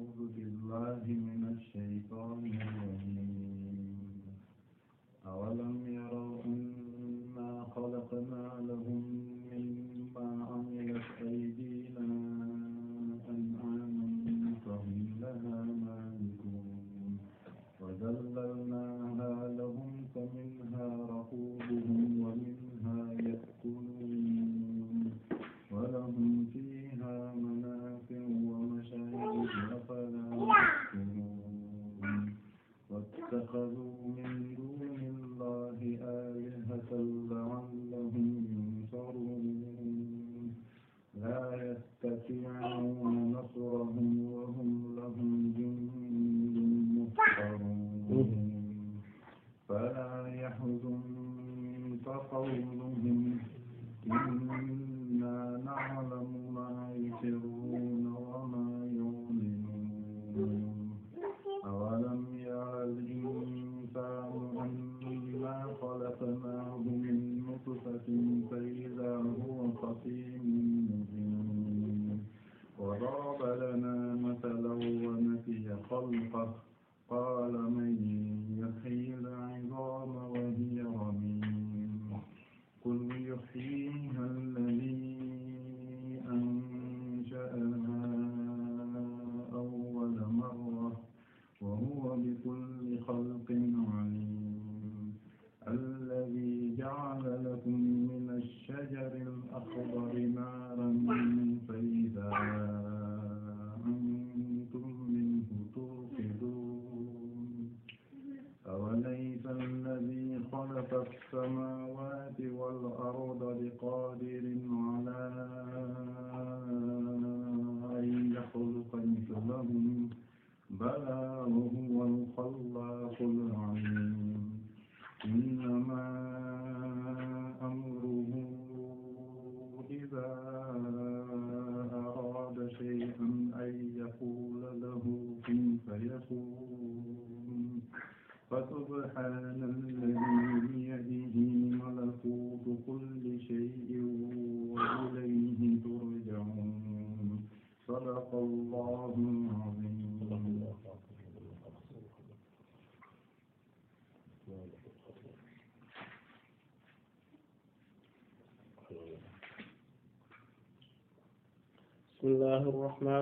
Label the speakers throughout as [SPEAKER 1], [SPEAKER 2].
[SPEAKER 1] أعوذ بالله من الشيطان الرجيم أولم يروا أنا خلقنا لهم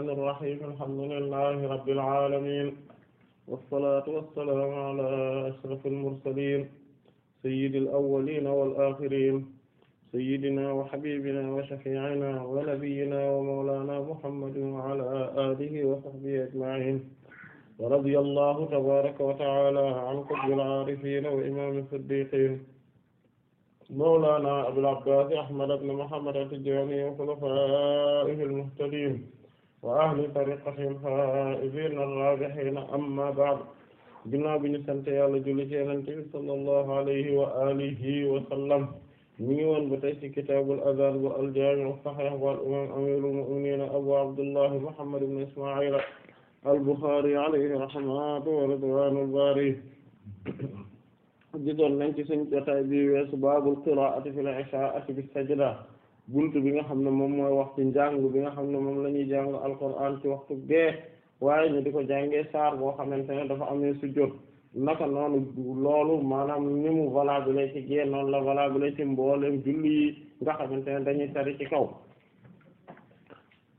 [SPEAKER 2] rahmaani rahiim alhamdulillahi rabbil aalamiin wassalaatu wassalaamu alaa ashrafil mursaliin sayyidil awwaliina wal aaxiriin sayyidinaa wa habiibinaa wa shafii'inaa wa nabiyyinaa wa mawlaanaa muhammadin wa alaa aalihi wa sahbihi ajma'iin wa radiyallahu tabaaraka wa ta'aalaa an qutbil aarifiina wa imaami siddiiqiin mawlaanaa abil abbaas ahmad ibn muhammad at-tijaani wa xulafaa'ihil muhtadiin wa ahli tariqatihil faa'iziina raabihiina amma ba'd ginnaaw bi ñu sant yàlla julli ci Yonent bi sallallahu alayhi wa alihi wa sallam ñu ngi woon ba tey ci kitaabul azaan bu al-jaami' as-sahiih bu al-imaam amiirul mu'miniin abu abdullah muhammad ibn isma'il al-Bukhari alayhi rahmatu wa ridwaanul baari gisoon nañ ci suñu jotaay bi weesu baabul qiraa'ati fil ishaa'ati bis-sajda buntu bi nga xam ne moom mooy wax ci njàng bi nga xam ne moom la ñuy jàng alquran ci waxtu gee waaye ñu di ko jàngee saar boo xamante ne dafa amee sujjóot naka noonu loolu maanaam ni mu valable ci gee noonu la valable ci mboolem julli yi nga xamante ne dañuy tari ci kaw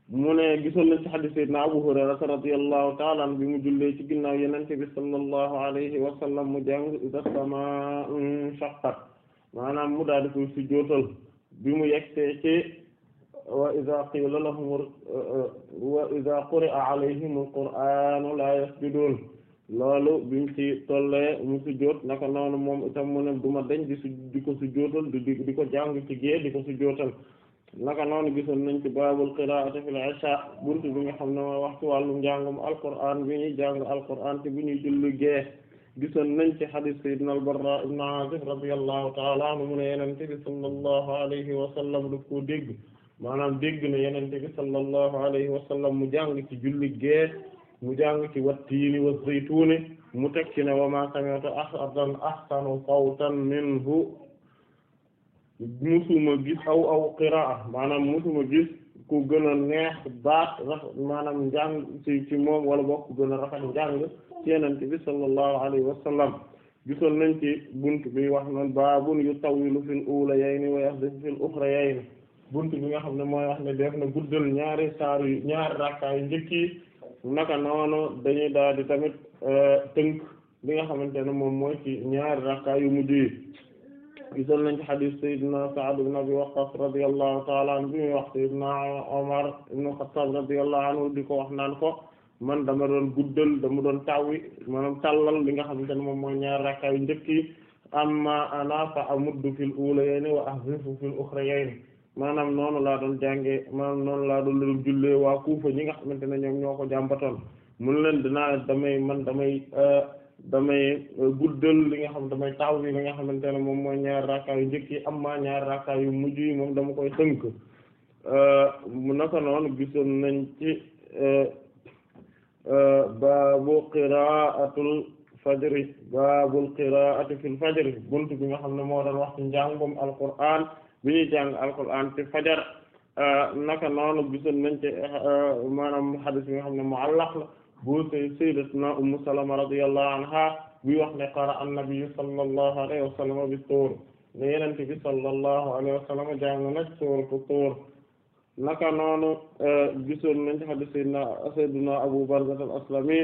[SPEAKER 2] mu ne gisoon na ci hadith sayyidina Abu Hurayrata radiyallahu ta'ala an bi mu jullee ci ginnaaw Yonent bi sallallahu alayhi wa sallam mu jàng idha samaa'u shaqqat maanaam mu daal di koy sujjóotal bi mu yegsee ci wa iza qila lahum wa iza quri'a alayhim alqur'anu la yasjudun loolu bi mu ci tollee mu sujjóot naka noonu moom itam mu ne duma dañ di di ko sujjóotal di di ko jàng ci gée di ko sujjóotal naka noonu gisoon nañ ci baabul qiraa'ati fil isha buntu bi nga xam ne mooy wax ci wàllu njàngum alqur'an bi ñuy jàng alqur'an te bi ñuy julli gée gisoon nañ ci hadis sayyidina al-Barra ibn Azib radiyallahu ta'ala anhu mu ne yenente bi sallallahu alayhi wa sallam daf koo dégg maanaam dégg na yenente bi sallallahu alayhi wa sallam mu jàng ci julli gee mu jàng ci wattiini wa zaytuuni mu teg ci ne wa ma sami'tu ahadan ahsanu sawtan minhu musuma gis aw aw qiraa maanaam musuma gis ku gën a neex baat rafet maanaam njàng ci ci moom wala boog ku gën a rafet njàng ci yenente bi sallallahu alayhi wa gisoon nañ ci bunt bi wax noon baabun yu tawilu fil ulayayni wa yahdifu fil ukhrayayni bunt bi nga xam ne mooy wax ne def na guddal ñaari saar yu ñaari rakkaa yu njëkk yi naka noonu dañuy daal di tamit euh, tënk bi nga xamante ne moom mooy ci ñaari rakkaa yu mujj yi gisoon nañ ci xadis sayyidina Sa'd ibn Abi Waqqas radiyallahu ta'ala anhu bi muy wax sayyidina Umar ibn Khattab radiyallahu ko wax naan ko man dama doon guddal dama doon tawwi maanaam tàllal li nga xamante ne moom mooy ñaar rakka yu njëkk yi amma ana fa amuddu fil wa ahzifu fil ukhrayayni maanaam noonu laa doon jàngee maanaam noonu laa doon doon jullee waa Kuufa ñi nga xamante ne ñoom ñoo ko jàmbatoon mun leen damay man damay euh, damay euh, guddal li nga xam damay taaw bi li nga xamante ne moom mooy ñaar rakka yu njëkk yi amma ñaar rakka yu mujj yi moom dama koy tënk mu euh, naka noonu gisoon nañ ci euh, baabu qiraatul fajri baabul qiraati fil bi nga xam ne moo doon wax ci njàngum alqur'aan bi ñuy jàng alqur'aan ci fajar naka noonu gisoon nañ ci maanaam hadis bi nga xam ne mu'allaq la bu sayyidatuna ummu salama radiyallahu anha buy wax ne qara an nabi sallallahu alayhi wa sallam bi tuur ne yenent bi sallallahu alayhi wa sallam jàng na suuratu tuur naka noonu eh, gisoon nañ ci hadith sayyidina sayyidina abu barza al-aslami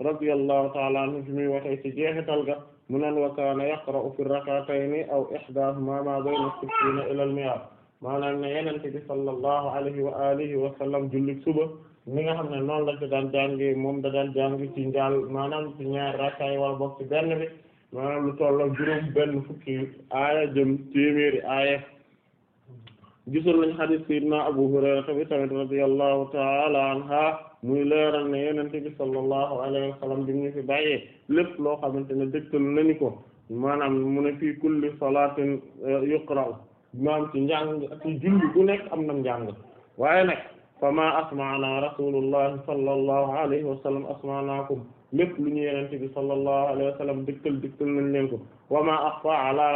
[SPEAKER 2] radiyallahu ta'ala anhu fi muy waxee ci jeexital ga mu nan wa kaana yaqra'u fi rak'atayni aw ihdahuma ma bayna as-sittina ila al-mi'a maanaam ne yenent bi sallallahu alayhi wa alihi wa sallam julli suba ni nga xam ne noonu la ci daan jàngi moom da daan jàngi ci njaal maanaam ci ñaar rakkaay wala bokk ci benn bi maanaam lu toll juróom benn fukki aaya jëm téeméeri aaya gisul lañ hadith sayyidina Abu Hurayra tamit tamit radiyallahu ta'ala anha muy leeral ne yenente bi sallallahu alayhi wa sallam bi fi bàyyee lépp loo xamante ne dégtal nañu ko maanaam mu ne fii kulli salatin eh, yuqra'u maanaam ci njàng ci julli bu nekk am na njàng waaye nag fama asmaana rasulullahi sallallahu alayhi wa sallam asmaanaakum lépp lu ñu yenente bi sallallahu alayhi wa sallam dëkkal dëkkal nañ leen ko wama axfa ala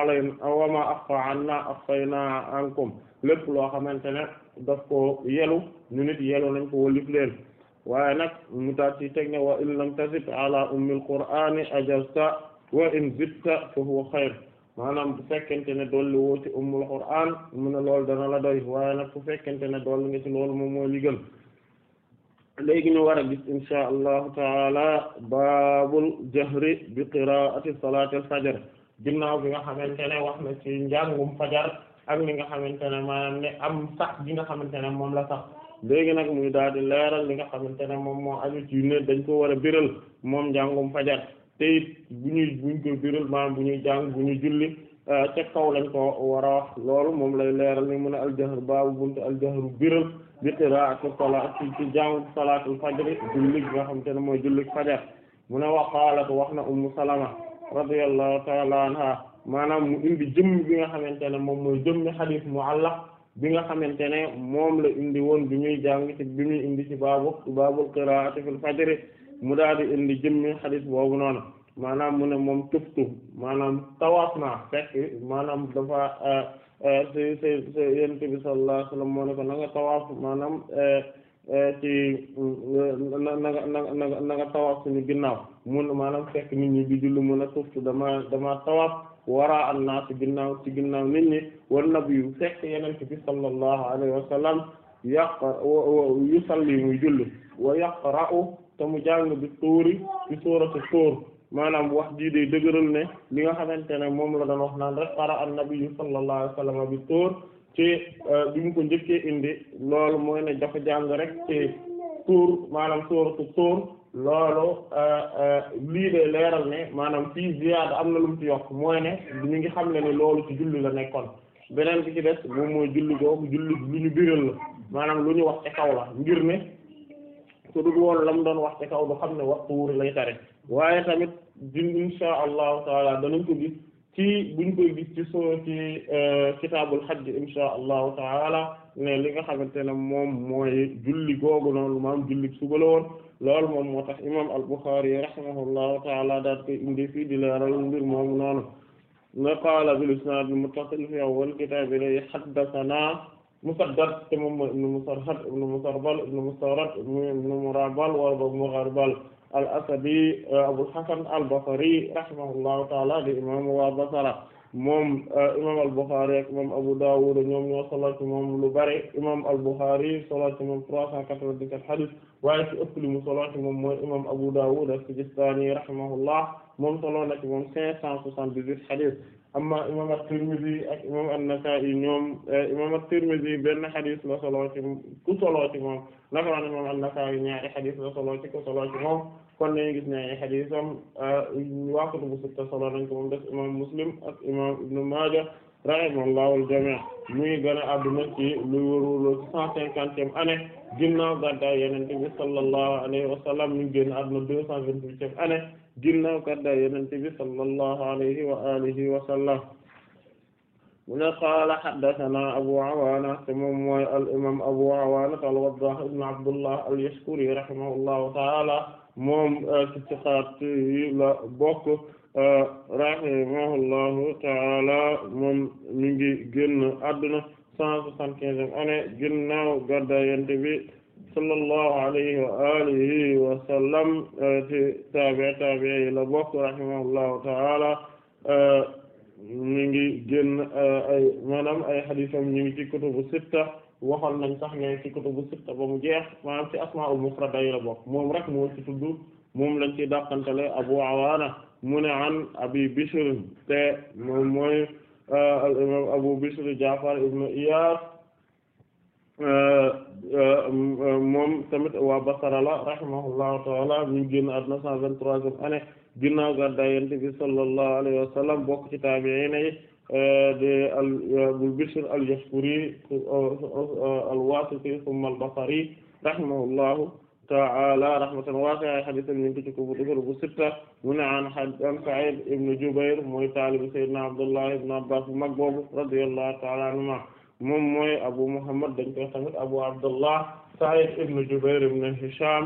[SPEAKER 2] alayn wama axfa anna axfayna ankum lépp loo xamante ne daf ko yelu ñu nit yelu nañ ko walif leen waaye nag mu taat ci teg ne wa in lam tazid ala ummil qur'ani ajazta wa in zidta fa huwa xayr maanaam bu fekkente ne dolli woo ci ummul qur'an mu ne loolu dana la doy waaye nag bu fekkente ne dolli nga ci loolu moom moo li gën léegi ñu war a gis insha allahu taala baabul jahri bi qiraati salaatil fajar ginnaaw bi nga xamante ne wax na ci njàngum fajar ak li nga xamante ne maanaam ne am sax bi nga xamante ne moom la sax léegi nag muy daal di leeral li nga xamante ne moom moo aju ci ne dañ ko war a biral moom njàngum fajar tey it bu ñuy bu ñu koy bu ñuy jàng bu ñuy julli euh, ca kaw lañ ko war a wax loolu moom lay leeral ni mu ne aljahr baabu buntu aljahru biral bi qiraa'ati salaati ci jàng salaatul fajr julli nga xam te ne mooy julli fajar mu ne wa qaalat wax na ummu salama radiyallahu ta'ala anha maanaam mu indi jëmm bi nga xamante ne moom mooy jëmmi xadiis mu'allaq bi nga xamante ne moom la indi woon bi muy jàng ci bi muy indi si baabu baabul qiraa'ati fil fajr mu daal di indi jëmmi xadis boobu noonu maanaam mu ne moom tuftu maanaam tawaaf naa fekk maanaam dafa euh, euh, si si si yonent bi sallallahu alayhi wasallam moo ne ko na nga tawaaf maanaam euh, ci na nga na nga ginnaaw mun maanaam fekk nit ñi di julli mun a tuftu damaa damaa tawaaf waraa an naa ci ginnaaw ci ginnaaw nit ñi wan nabiyu fekk yonent bi sallallahu alayhi wasallam yàq yusalli muy julli wa yaqra'u te mu jàng bi tuuri bi suuratu tuur maanaam wax jii de dëgëral ne li nga xamante ne moom la doon wax naan rek para an nabi sallallahu alayhi wa sallam bi tuur ci euh, bi mu ko njëkkee indi loolu mooy ne dafa jàng rek ci tuur maanaam suuratu tuur loolu euh, euh, lii de leeral ne maanaam fii ziyaada am na lu mu ci yokk mooy ne ñu ngi xam ne ne loolu ci julli la nekkoon beneen bi ci des moom mooy julli googu julli lu ñu biral la maanaam lu ñu wax ci kaw la ngir ne te du woon lam doon wax ci kaw du xam ne waxtu wuur lay tare waaye tamit din insha allahu taala danañ ko gis ci buñ koy gis ci soo ci euh, kitaabul hajj insha allahu taala ne li nga xamante ne moom mooy julli googu noonu maam julli suba la woon loolu moom moo tax imam al-Bukhari rahimahullahu taala daat koy indi fii di leeral mbir moomu noonu ne qaala bil isnaad muttasil fi awwal kitaab ilay haddathana Musaddad te moom mooy ibnu Musarhad ibnu Musarbal ibnu Mustawrad ibnu Murabal wala boog Mugharbal al-Asadi euh, Abul Hasan al-Basri rahimahullahu ta'ala di imam waa Basra moom euh, imam al-Bukhari ak imam Abu Dawud ñoom ñoo solo ci moom lu bari imam al-Bukhari solo ci moom 397 hadith waaye ci ëpp li mu solo ci moom mooy imam Abu Dawud as-Sijistani rahimahullah moom solo na ci moom 578 hadith amma imam at-Tirmidhi ak imam an-Nasa'i ñoom eh, imam at-Tirmidhi benn xadis la solo ci ku solo ci moom naka la imam an-Nasa'i ñaari xadis la solo ci ku solo ci moom kon dañuy gis ne ay xadisam eh, waa kutubu sitta solo nañ ko moom des imam Muslim ak imam Ibn Majah rahimahullahu al-jami' muy gën a adduna ci lu wóorul cent cinquantième année ginnaaw gàddaay Yonent bi sallallahu alayhi wa sallam ñu génn adduna deux cent vingt-huitième année ginnaaw gàddaay yonent bi sallallahu alayhi wa alihi wa sallam mu ne qaala haddathana abu awaana te moom al imam abu awaana al-waddah ibn abdullah al-yashkuri rahimahullahu ta'ala uh, uh, ta'ala moom mi ngi cent soixante-quinzième année ginnaaw gàddaay yonent bi sallallahu alayhi wa taabi taabi yi la bokk rahimahullahu ta'ala eh, ñu ngi génn eh, ay maanaam ay xadiisam ñu ngi ci kutubu sitta waxoon nañ sax ne ci kutubu sitta ba mu jeex maanaam ci asmaa'ul mufrada yi la bokk moom rek moo ci tudd moom lañ ci dàqantale Abu Awaana mu an Abi Bishr te eh, Abu Bishr Jaafar ibn Iyaas tamit waa Basra la rahimahullahu taala mi ngi génn àdduna cent vingt-troisième année ginnaaw gàddaay Yonent bi sallallahu alayhi wa sallam bokk ci taabi'iin yi euh, de euh, Abu Bishr al-Yashkuri al-Wasiti thumma al-Basri rahimahullahu ta'ala rahmatan waasi'a hadith min ci kutubu sitta mu ne an an Sa'id ibn Jubayr mooy taalibu Sayyidina Abdullah ibn Abbas bu mag boobu radiyallahu ta'ala anhuma moom mooy abu muhammad dañ koy tamit abu abdullah sa'id ibn jubair ibn hisham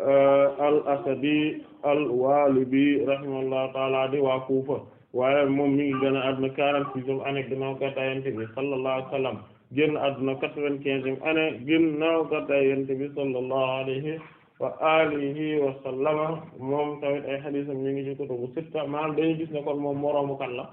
[SPEAKER 2] euh, al asadi al walibi rahimahullahu taala di waa kuufa waaye moom mi ngi gën a adduna quarante-sixième année ginnaaw gàddaay yonent bi sallallahu alayhi wa sallam génn adduna quatre-vingt-quinzième année ginnaaw gàddaay yonent bi sallallahu alayhi wa alihi wa sallama moom tamit ay hadiisam ñu ngi ci kutubu sitta maanaam dañu la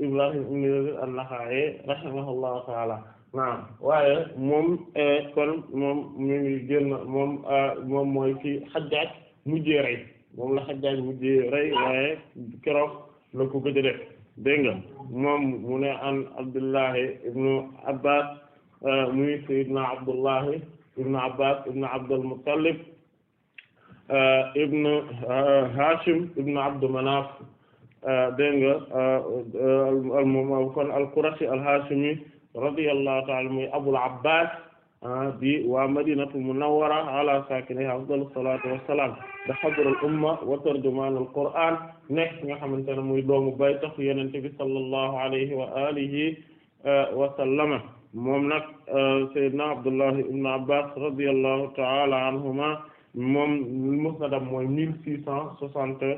[SPEAKER 2] Ibrahim ibn Yazid an-Nakha'i rahimahullahu ta'ala naam waaye moom eh, kon moom mi ngi génn moom eh, moom mooy ci Hajjaj mujjee rey moom la Hajjaj mujjee rey waaye keroog la ko gëj a def dégg nga moom mu ne an Abdullahi ibn Abbas eh, muy Sayyidina Abdullahi ibn Abbas ibn Abdul Muttalib ibn Hashim ibn Abd Manaf Euh, dégg nga euh, euh, kon al-Qurashi al-Hashimi radiyallahu ta'ala muy Abul Abbas ah, di waa Madinatu Munawwara ala saakinihaa afdalu salaatu wa salaam da xabrul umma wa tarjumaanul Qur'aan nekk nga xamante ne muy doomu bay tax Yonent bi sallallahu alayhi wa alihi wa sallama moom nag Seydina Abdullahi ibn Abbas radiyallahu ta'ala anhuma moom musnadam mooy mille six cent soixante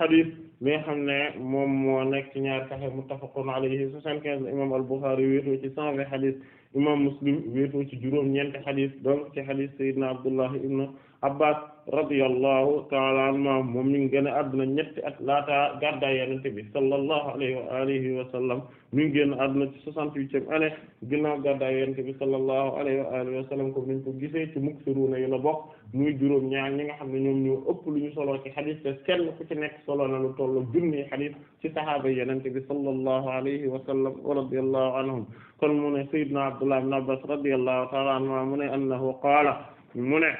[SPEAKER 2] hadith mi nga xam ne moom moo nekk ci ñaar saxiix muttafaqun alayhi soixante-quinze imam al-Bukhari wéetoo ci cent vingt xadis imam Muslim wéetoo ci juróom ñeenti xadis donc ci xadis Seydina Abdullah ibn Abbas radiyallahu ta'ala anhuma moom mi ngi génn àdduna ñetti at laata gàddaa Yonent bi sallallahu alayhi wa alihi wa sallam mi ngi génn àdduna ci soixante-huitième année ginnaaw gàddaa Yonent bi sallallahu alayhi wa alihi wa sallam comme niñ ko gisee ci muksiruna yi la bokk muy juróom ñaar ñi nga xam ne ñoom ñoo ëpp lu ñu solo ci xadis te kenn ku ci nekk solo na lu tollu junni xadis ci sahaaba Yonent bi sallallahu alayhi wa sallam wa radiyallahu anhum kon mu ne Sayyidina Abdullah ibn Abbas radiyallahu ta'ala anhuma mu ne annahu qaala mu ne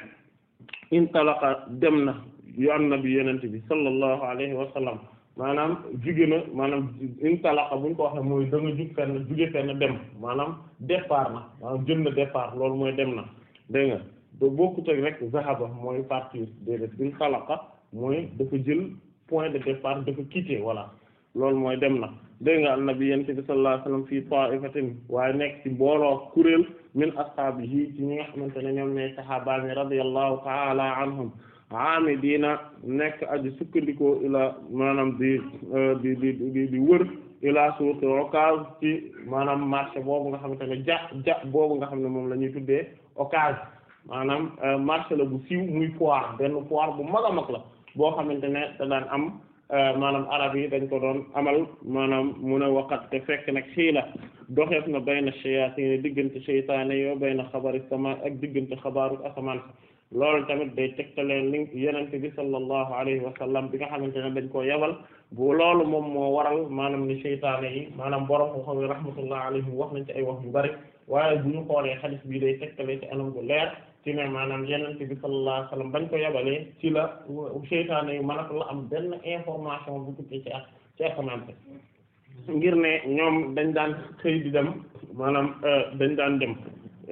[SPEAKER 2] intalaqa dem na yu bi nabi yenente bi sallallahu alayhi wa sallam maanaam juge maanaam intalaqa bu ñu ko waxee mooy da nga jug fenn juge fenn dem maanaam départ na maanaam jël na départ loolu mooy dem na dégg nga do bokkut ak rek zahaba mooy partir déedéet intalaqa mooy dafa jël point de départ dafa quitter voilà loolu mooy dem na dégg nga na nabi yenente bi sallallahu alayhi wa sallam fii ta'ifatin waaye nekk ci mbooloo kuréel min ashaabihi ci ñi nga xamante ne ñoom ñooy sahaaba mi radiyallahu ta'ala anhum aamidiina nekk aji sukkandikoo ila maanaam di euh, di di di wër ila suuqi Okaz ci maanaam marché boobu nga xamante ne ja ja boobu nga xam ne moom la ñuy tuddee Okaz maanaam euh, marché la bu siiw muy foire benn foire bu mag a mag la boo xamante ne da daan am euh, maanaam arab yi dañ ko doon amal maanaam mun a te fekk nag xii la doxeef na bayna shayatin diggante seytaane yoo bayna xabari sama ak diggante xabaaru asamaan loolu tamit day tegtaleen li yenente bi sallallahu alayhi wa sallam bi nga xamante ne dañ koo yebal bu loolu moom moo waral maanaam ni seytaane yi maanaam borom ko xaw rahmatullah alayhim wax nañ ci ay wax yu bari waaye bu ñu xoolee xadis bii day tegtalee ci anam bu leer ci ne maanaam yenente bi sallallahu alayhi wa sallam bañ ko yebalee ci la seytaane yi mënatu la am benn information bu tukkee ci ak ci asamaan ngir ne ñoom dañ daan xëy di dem maanaam euh, dañ daan dem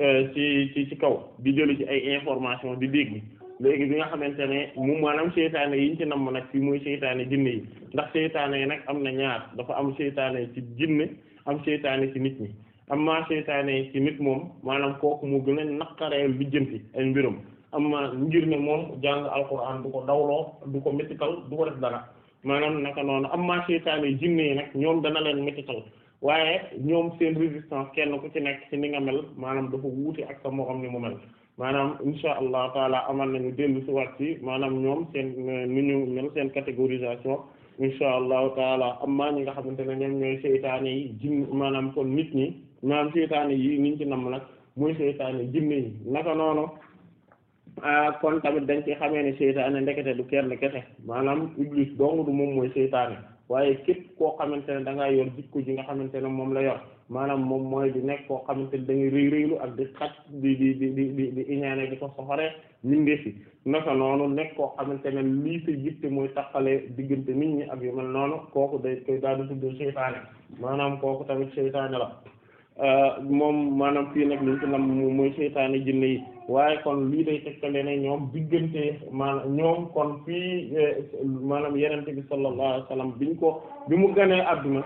[SPEAKER 2] euh, ci ci ci kaw di jëli ci ay information di dégg léegi bi nga xamante ne mu maanaam seytaane yi ñu ci namm nag fii mooy seytaane jinne yi ndax seytaane yi nag am na ñaar dafa am seytaane ci jinne am seytaane ci nit ñi amma seytaane yi ci nit moom maanaam kooku mu gën a naqaree lijjanti ay mbiram amma ngir ne moom jàng alxuraan du ko dawloo du ko mettikal du ko def dara maanaam naka noonu amma seytaane jinne yi nag ñoom dana leen mettital waaye ñoom seen résistance kenn ku ci nekk ci ni nga mel maanaam dafa wuute ak sa moroom ni mu mel maanaam insha allah taala amal nañu dellu si waat maanaam ñoom seen nu ñu mel seen catégorisation insha allahu taala amma ñi nga xamante ne ñoom ñooy seytaane yi jinn maanaam kon nit ñi maanaam seytaane yi niñ ci namm nag mooy seytaane jinne yi naka noonu kon tamit dañ ci xamee ne seytaane ndekete du kenn kese maanaam iblis dong du moom mooy seytaane waaye képp koo xamante ne da ngaa yor jikko ji nga xamante ne moom la yor maanaam moom mooy di nekk koo xamante ne da ngay rëy rëylu ak di xat di di di di di iñaane di ko soxoree mindee fi noonu nekk koo xamante ne lii sa yitte mooy taqalee diggante nit ñi ak yu mel noonu kooku day koy daal di tudd seytaane maanaam kooku tamit seytaane la Euh, moom maanaam fii nag liñ ci nam mooy seytaane jinne yi waaye kon lii day tegtale ne ñoom diggante maanaam ñoom kon fii eh, maanaam yenente bi sallallahu alayhi bi ñu ko bi mu ganee adduna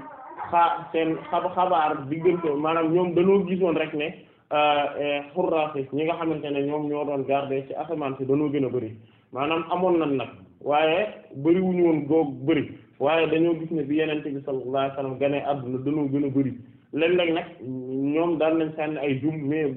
[SPEAKER 2] xaa seen xab xabaar diggante maanaam ñoom dañoo gisoon rek ne euh, eh, xurraasi ñi nga xamante ne ñoom ñoo doon garder ci asamaan si dañoo gën a bëri maanaam amoon nañ nag waaye bëri wuñu woon goog bëri waaye dañoo gis ne bi yenente bi sallallahu alayhi wasallam ganee adduna dañoo gën a bëri léeg-léeg nag ñoom daan nañ sànni ay jum mais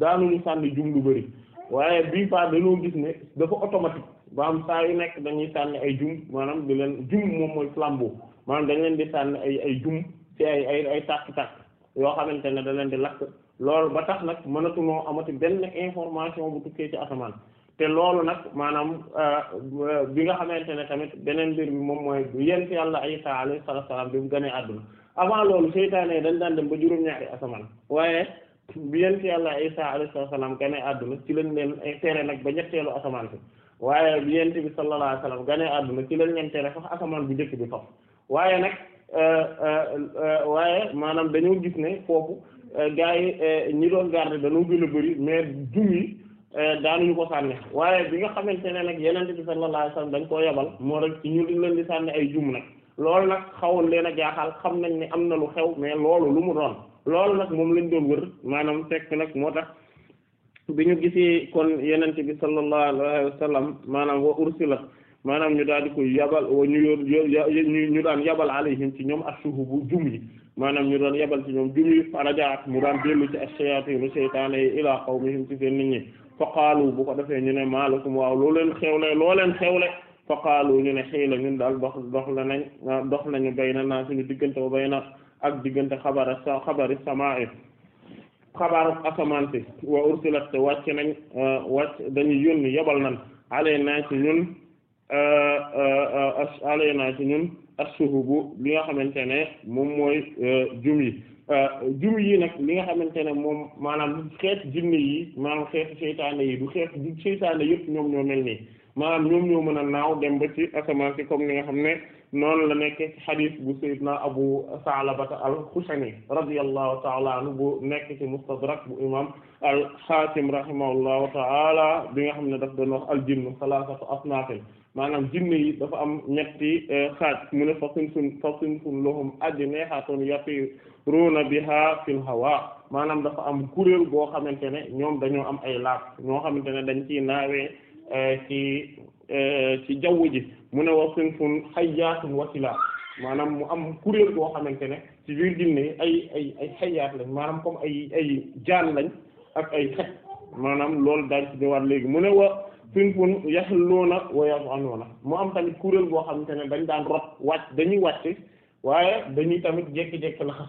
[SPEAKER 2] daanuñu sànni jum lu bari waaye bii pas dañoo gis ne dafa automatique ba am saa yu nekk dañuy sànni ay jum maanaam di leen jum moom mooy flambeau maanaam dañ leen di sànni ay ay jum ci ay ay ay tàkk yoo xamante ne da leen di lakk loolu ba tax nag mënatunoo amati benn information bu tukkee ci asamaan te loolu nag maanaam euh, bi nga xamante ne tamit beneen mbir bi moom mooy yent yàlla Isaa alayhi salaam bi mu àdduna avant loolu seytaane dañ daan dem ba juróom-ñaari asamaan waaye bi yent yàlla Isa alayhi salaam gane àdduna ci lañ leen tere nag ba ñetteelu asamaan si waaye bi yent bi sallallahu alayhi wasallam gane ci lañ leen tere sax asamaan bu jëkk bi sax waaye nag euh, euh, euh, waaye maanaam dañoo gis ne foofu gars yi ñi doon garder dañoo gën a bëri mais jum yi daanuñu ko sànni waaye bi nga xamante ne nag yenente bi sallallahu alayhi wasallam dañ koo yabal moo rek ci ñu leen di sànni ay jum nag lool nag xawoon leen a jaaxal xam nañ ni am na lu xew mais loolu lu mu doon loolu nag moom lañ doon wër maanaam fekk nag moo tax bi ñu gisee kon yenent bi sallallahu alayhi wa sallam maanaam wa ursila maanaam ñu daal di ko yabal wa ñu ñu daan yabal alayhim ci ñoom ashuhubu jum yi maanaam ñu doon yabal ci ñoom jum yi farajaat mu daan dellu ci ash-shayaatinu seytaane yi ilaa qawmihim ci seen nit ñi fa qaalu bu ko defee ñu ne maalakum waaw loo leen xewle loo leen xewle fa qaalu ñu ne xiila ñun daal dox dox la nañ dox nañu bayna naa suñu diggante wa bayna ak diggante xabara sa xabari samaa'i xabaaru asamaan si wa ursilat wàcc nañ euh, wàcc dañu yónni yebal nañ alaynaa ci ñun euh, euh, alaynaa ci ñun assuhubu li nga xamante ne moom mooy jum yi jum yi nag li nga xamante ne moom maanaam xeet jinne yi maanaam xeetu seytaane yi du xeet du seytaane yëpp ñoom ñoo mel nii maanaam ñoom ñoo mën naaw dem ba ci asamaan si comme nga xam ne noonu la nekk ci xadis bu sayyidna abu saalabata al-Xushani radiyallahu taala anhu bu nekk ci mustadrak bu imam al-Xaakim rahimahullahu bi nga xam ne daf doon wax al-jinnu salaasatu asnaafin maanaam jinne yi dafa am ñetti eh, xaaj mu ne fasinsun fasinsun lahum ajnihatun yatiruuna biha fil hawaa maanaam dafa am kuréel boo xamante ne ñoom dañoo am ay laaf ñoo xamante ne dañ ciy naawee Eh, ci eh, ci jaww ji mu ne wa sinfun hayyaatun wasila maanaam mu am kuréel boo xamante ne ci biir jinne ay ay ay yaat lañ maanaam comme ay ay jaan lañ ak ay xet maanaam loolu daañ ci ñëwaat léegi mu ne wa sinfun yaxluuna wa yaz'anuuna mu am tamit kuréel goo xamante ne dañ daan rot wàcc dañuy wàcc waaye dañuy tamit jékki-jékki la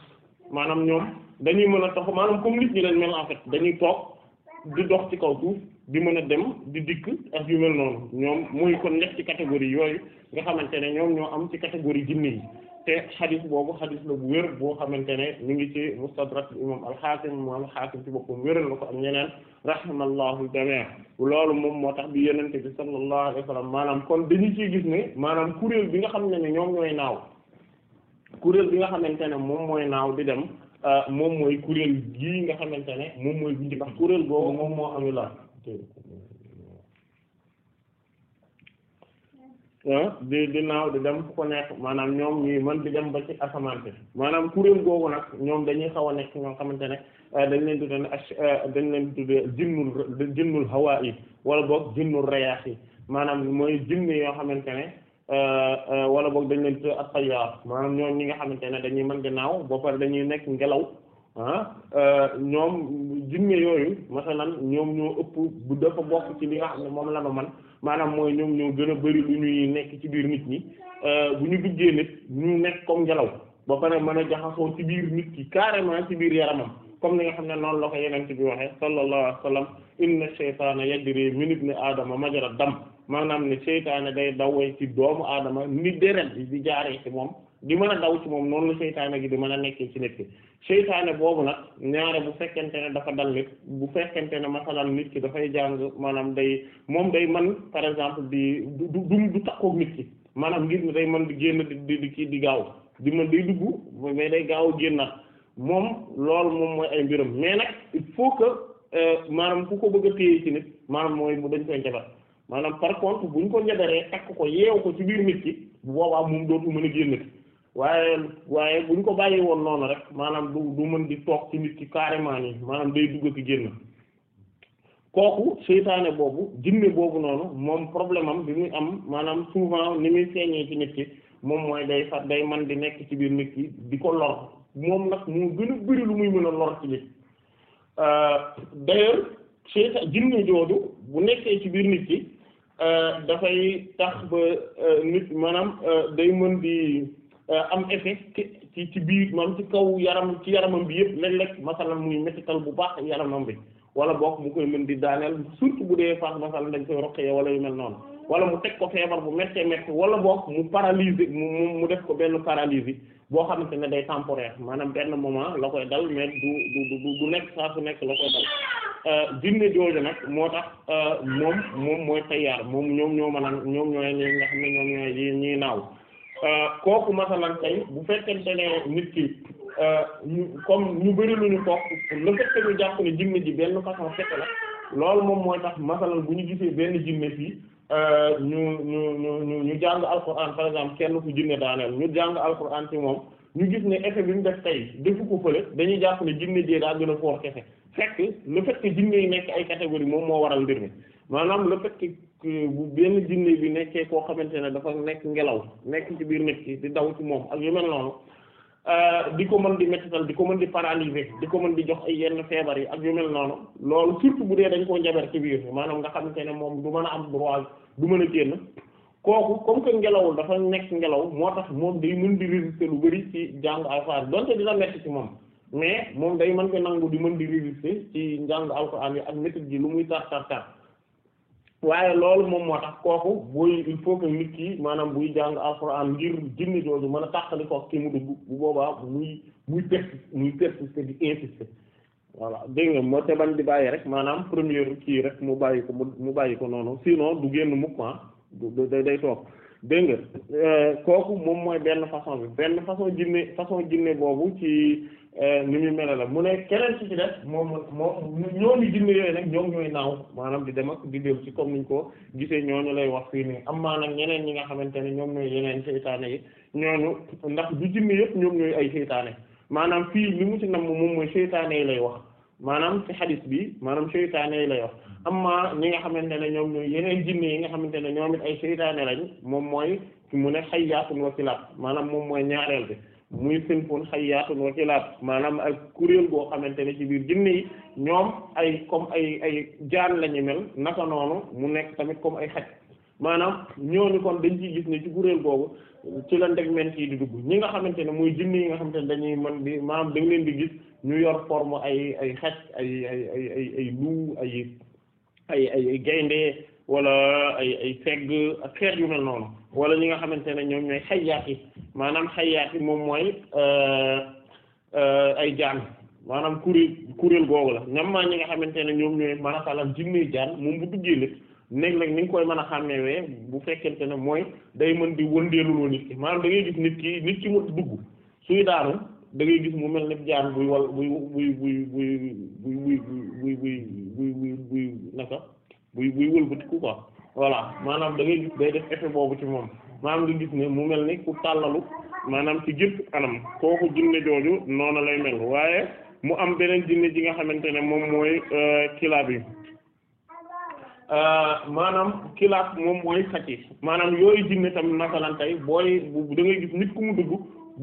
[SPEAKER 2] maanaam ñoom dañuy mën a tax maanaam comme nit ñi lañ mel en dañuy toog di dox ci kaw suuf bi mën a dem di dikk ak yu mel noonu ñoom muy kon nekk ci catégorie yooyu nga xamante ne ñoom ñoo am ci catégorie jinne yi te xadis boobu xadis la bu wér boo xamante ne ñu ngi ci mustadrak bi imam alxaakim imam alxaakim ci boppam wéral la ko am ñeneen rahimaallahu jamii loolu moom moo tax bi yenente bi sallallahu alayhi wa sallam gis ne maanaam kuréel bi nga xam ne ñoom ñooy naaw kuréel bi nga xamante ne moom mooy naaw di dem ah, moom mooy kuréel gii nga xamante ne moom mooy gindi ndax kuréel boobu moom moo amul la di di naaw di dem fu ko nekk maanaam ñoom ñuy mën di dem ba ci asamante maanaam kuréel googu nag ñoom dañuy xaw a nekk ñoo xamante ne euh, dañ leen tuddee euh, dañ leen tuddee jinnul jinnul hawaa yi wala boog jinnul rayaax yi maanaam mooy jinne yoo xamante ne euh, wala boog dañ leen tuddee at-tayyaar maanaam ñoom ñi nga xamante ne dañuy mën di naaw ba pare dañuy nekk ngelaw Ah, euh, ñoom jinne yooyu masalan ñoom ñoo ëpp bu dafa bokk ci li nga xam ne moom la nu man maanaam mooy ñoom ñoo gën a bari lu ñuy nekk ci biir nit ñi euh, bu ñu duggee nit ñu nekk comme ngelaw ba pare mën a jaxasoo ci biir nit ki carrément ci biir yaramam comme ni nga xam ne noonu la ko yeneen ci bi waxee sallallahu alayhi wa sallam inna shaytaana yajri min ibni aadama majra dam maanaam ne shaytaana day dawee ci doomu aadama ni deret bi di jaaree ci moom di mën a daw ci moom noonu la seytaane gi di mën a nekkee ci nit ki seytaane boobu nag ñaare bu fekkente ne dafa dal nit bu fekkente ne masalan nit ki dafay jàng maanaam day moom day man par exemple di du du du takkoog nit ki maanaam ngir ne day man di génn di di kii di gaaw di man day dugg mais day gaaw génnaat moom loolu moom mooy ay mbiram mais nag il faut que euh, maanaam ko bëgg a maanaam mooy mu dañ koy njabar maanaam par contre ko njabaree takk ko yeew ko ci biir nit ki bu boobaa moom dootu mën a génnati waaye waaye buñ ko bàyyi woon noonu rek maanaam du du mën di toog ci nit ki carrément nii maanaam day dugg ak génn kooku seytaane boobu jinne boobu noonu moom problème am bi muy am maanaam souvent ni muy feeñee ci nit ki moom mooy day fa day man di nekk ci biir nit ki di ko lor moom nag moo gën a lu muy mën a lor ci nit euh, d'ailleurs seytaane jinne jooju bu nekkee ci biir nit ki euh, dafay tax ba euh, nit maanaam day mën di Euh, am effet ci ci biir maanaam ci kaw yaram ci yaramam bi yëpp léeg-léeg masalan muy mettital bu baax yaramam bi wala boog mu koy mën di daaneel surtout bu dee faas masalan dañ koy roqee wala yu mel noonu wala mu teg ko feebar bu méttee métti wala boog mu paralyser mu mu def ko benn paralysie boo xamante ne day temporaire maanaam benn moment la koy dal mais du du du du nekk saa su nekk la koy dal euh, jinne jooju nag moo tax euh, moom moom mooy tayyaar moom ñoom ñoo mën a ñoom ñooy Euh, kooku masalan tey bu fekkente ne nit ki euh, ñu comme ñu bëri lu ñu kooku le fait que ñu jàpp ne jinne ji benn façon fekk la lool moom mooy tax masalan bu ñu gisee benn jinne fii euh, ñu ñu ñu ñu jàng alquran par exemple kenn ku jinne daaneel ñu jàng alquran ci moom ñu gis ne effet bi ñu def tey defu ko fële dañuy jàpp ne jinne jee daa gën a foor fekk le fait que yi nekk ay catégorie moom moo waral mbir maanaam le fait bu benn jinne bi nekkee koo xamante ne dafa nekk ngelaw nekk ci biir nit ki di daw ci moom ak yu mel noonu euh, di ko mën di mettital di ko mën di paralyser di ko mën di jox ay yenn feebar yi ak yu mel noonu loolu surtout bu dee dañ koo njaber ci biir maanaam nga xam ne moom du mën a am droit du mën a génn kooku comme que ngelawul dafa nekk ngelaw moo tax moom day mën di résister lu bari ci jàng alxuraan donte dina metti ci moom mais moom day mën ko nangu di mën di résister ci njàng alxuraan yi ak métit lu muy tar tar tar waaye loolu moom moo tax kooku booy il faut que nit ki maanaam buy jàng alxuraan ngir jinne jooju mën a tàqali ko ki mu dugg bu boobaa muy muy persiste muy persiste di insister voilà dégg moo te bañ di bàyyi rek maanaam première kii rek mu bàyyi mu bàyyi ko noonu sinon du génn mukk ah du day day toog dégg nga euh, kooku moom mooy benn façon bi benn façon jinne façon jinne boobu ci Euh, ni muy mel la mu ne keneen ci ci def moom moom ñooñu jinne yooyu nag ñoom ñooy naaw maanaam di dem ak di dem ci comme niñ ko gisee ñooñu lay wax fii nii am maa nag ñeneen ñi nga xamante ne ñoom ñooy yeneen seytaane yi ñooñu ndax du jinne yëpp ñoom ay seytaane maanaam fii li mu si nam moom mooy seytaane yi lay wax maanaam ci xadis bi maanaam seytaane yi lay wax am maa ñi nga xamante ne ñoom ñooy yeneen jinne yi nga xamante ne ñoom ay seytaane lañ moom mooy mu ne xayyaatun wa kilaab maanaam moom mooy ñaareel bi muy sinfun xayyaatun ci kilaab maanaam ak kuréel goo xamante ne ci biir jinne yi ñoom ay comme ay ay jaan lañuy mel naka noonu mu nekk tamit comme ay xaj maanaam ñooñu kon dañ ci gis ne ci kuréel googu ci la ndegment yi di dugg ñi nga xamante ne muy jinne yi nga xamante ne dañuy mën di maanaam dañ leen di gis ñu yor forme ay ay xaj ay ay ay ay ay lu ay ay ay gaynde wala ay ay fegg ak xeet yu mel noonu wala ñi nga xamante ne ñoom ñooy xayyaat yi maanaam xay yi moom mooy ay jaan maanaam kuréel kuréel googu la ñam maa ñi nga xamante ne ñoom ñooy maanaam jinne jaan moom bu duggee nit nekk nag ni nga koy mën a xàmmewee bu fekkente ne mooy day mën di wëndeeluloo nit ki maanaam da ngay gis nit ki nit ki mu dugg suy daanu da ngay gis mu mel ne jaan buy wal buy buy buy buy buy buy buy buy buy naka buy buy wëlbatiku quoi voilà maanaam da ngay gis day def effet boobu ci moom maa maanaam nga gis ne mu mel ni ku tàllalu maanaam ci gépp anam kooku jinne jooju noonu lay mel waaye mu am beneen jinne ji nga xamante ne moom mooy euh, kilaab yi euh, maanaam kilaab moom mooy xaj maanaam yooyu jinne tam nasalan tey booy da ngay gis nit ku mu dugg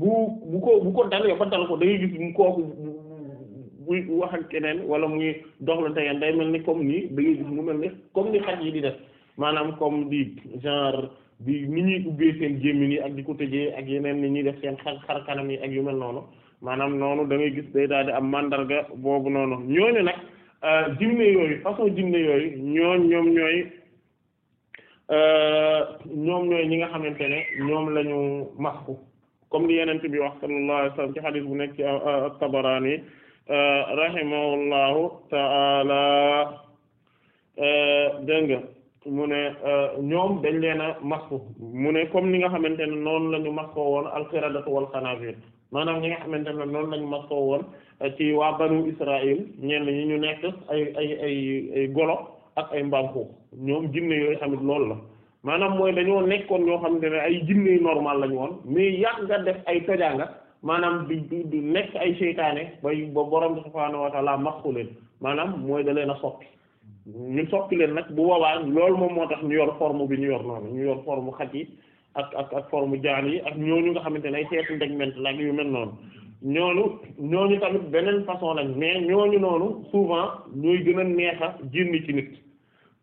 [SPEAKER 2] bu bu ko bu ko dalee ba dal ko da ngay gis kooku buy wax ak keneen wala muy doxlante yeen day mel ni comme nii da ngay gis mu mel ni comme ni xaj yi di def maanaam comme di genre di ni ñuy ubbee seen ak di ko tëjee ñuy def seen xar xar kanam yi ak yu mel noonu maanaam noonu dangay gis day daal di am màndarga boobu noonu ñooñu nag euh, jinne yooyu façon jinne yooyu ñooñ ñoom ñooy euh, ñoom ñooy ñi nga xamante ne ñoom la ñu masku comme li yeneen bi wax sallallahu alayhi wasallam ci hadith bu nekk ci euh, Tabarani rahimahullahu ta'ala euh, dégg nga mu ne euh, ñoom dañ leen a masku mu ne comme ni nga xamante ne noonu la ñu maskoo woon alqiradatu wal xanaazir maanaam ñi nga xamante noonu la ñu maskoo woon euh, ci waa banu Israël ñenn ñi ñu nekk ay ay ay ay golo ak ay mbanku ñoom jinne yooyu tamit loolu la maanaam mooy dañoo nekkoon ñoo xamante ne ay jinne yu normal la ñu woon mais yàgg nga def ay tojaanga maanaam di di di nekk ay seytaane bay ba borom subhaanahu wa ta'ala maxu leen maanaam mooy da leen a soppi ñu soppi leen nag bu boobaa loolu moom moo tax ñu yor forme bi ñu yor noonu ñu yor forme xaj yi ak ak ak forme jaan yi ak ñooñu nga xamante ne ay seetu ndegment la ak yu mel noonu ñooñu ñooñu tamit beneen façon lañ mais ñooñu noonu souvent ñooy gën a neex a jënd ci nit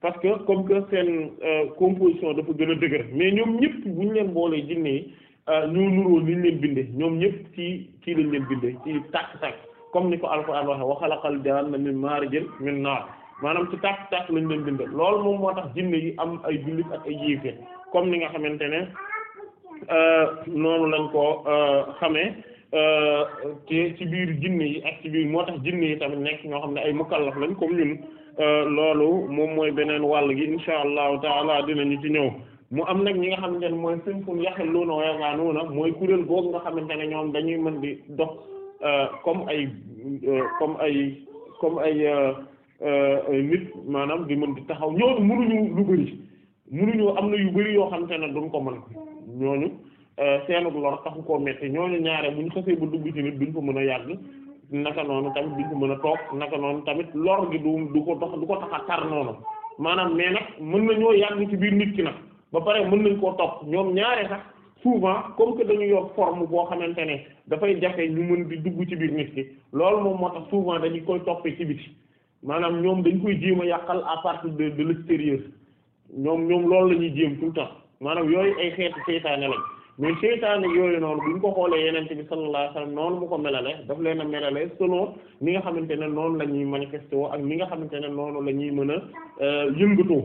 [SPEAKER 2] parce que comme que seen euh, composition dafa gën a dëgër mais ñoom ñëpp bu ñu leen boolee jinne ñoo nuróo liñ leen ñoom ñëpp ci ci lañ leen bindee ci tàkk-tàkk comme ni ko alxuraan waxe wa xalaqal jaanna min maarijin min naar maanaam ci tàkk-tàkk lañ leen bindee loolu moom moo tax jinne yi am ay jullit ak ay yéefee comme ni nga xamante ne euh, noonu lañ ko euh, xamee euh, ci ci biir jinne yi ak ci moo tax jinne yi tamit nekk ñoo xam ne ay mukallaf lañ comme ñun loolu moom mooy beneen wàll gi insha allahu taala dinañu ci ñëw mu am nag ñi nga xamante ne mooy sinfun yaxiluuna wa yagaanuuna mooy kuréel googu nga xamante ne ñoom dañuy mën di dox euh, euh, comme ay comme ay comme euh, ay nit maanaam di mën di taxaw ñooñu mënuñu lu bari am na yu bari yoo xamante ne duñ ko mën ñooñu seenug lor taxu koo metti ñooñu ñaare bu ñu xasee ba dugg ci nit duñ ko mën a yàgg naka noonu tamit duñ ko mën a toog naka noonu tamit lor gi du du ko dox du ko tax a tar noonu maanaam mais nag mën na ñoo yàgg ci biir nit ki na ba pare mën nañ koo topp ñoom ñaare sax souvent comme que dañu yor forme boo xamante ne dafay jafe ñu mën di dugg ci biir nit ki loolu moom moo tax souvent dañu koy toppee ci biti maanaam ñoom dañ koy jéem a yàqal à partir de de l'extérieur ñoom ñoom loolu la ñuy jéem tout le temps maanaam yooyu ay xeetu seytaane lañ mais seytaane yooyu noonu bu ñu ko xoolee yenente bi sallallahu alayhi wasallam noonu mu ko melale daf leen a melale selon ni nga xamante ne noonu la ñuy manifesté woo ak ni nga xamante ne noonu la ñuy mën a euh, yëngatoo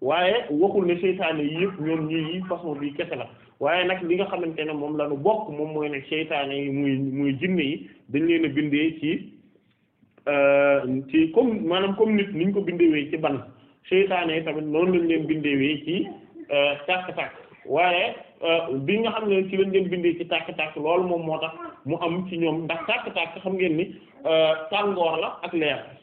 [SPEAKER 2] waaye waxul ne seytaane yi yëpp ñoom ñii façon bi kese la waaye nag li nga xamante ne moom la nu bokk moom mooy ne seytaane yi muy muy jinne yi dañ leen a bindee ci euh, ci comme maanaam comme nit niñ ko bindewee ci ban seytaane yi tamit noonu lañ leen bindewee ci euh, tàkk-tàkk waaye euh, bi nga xam ne ci lañ leen bindee ci tàkk-tàkk loolu moom moo tax mu am ci ñoom ndax tàkk-tàkk xam ngeen ni tàngoor la ak leer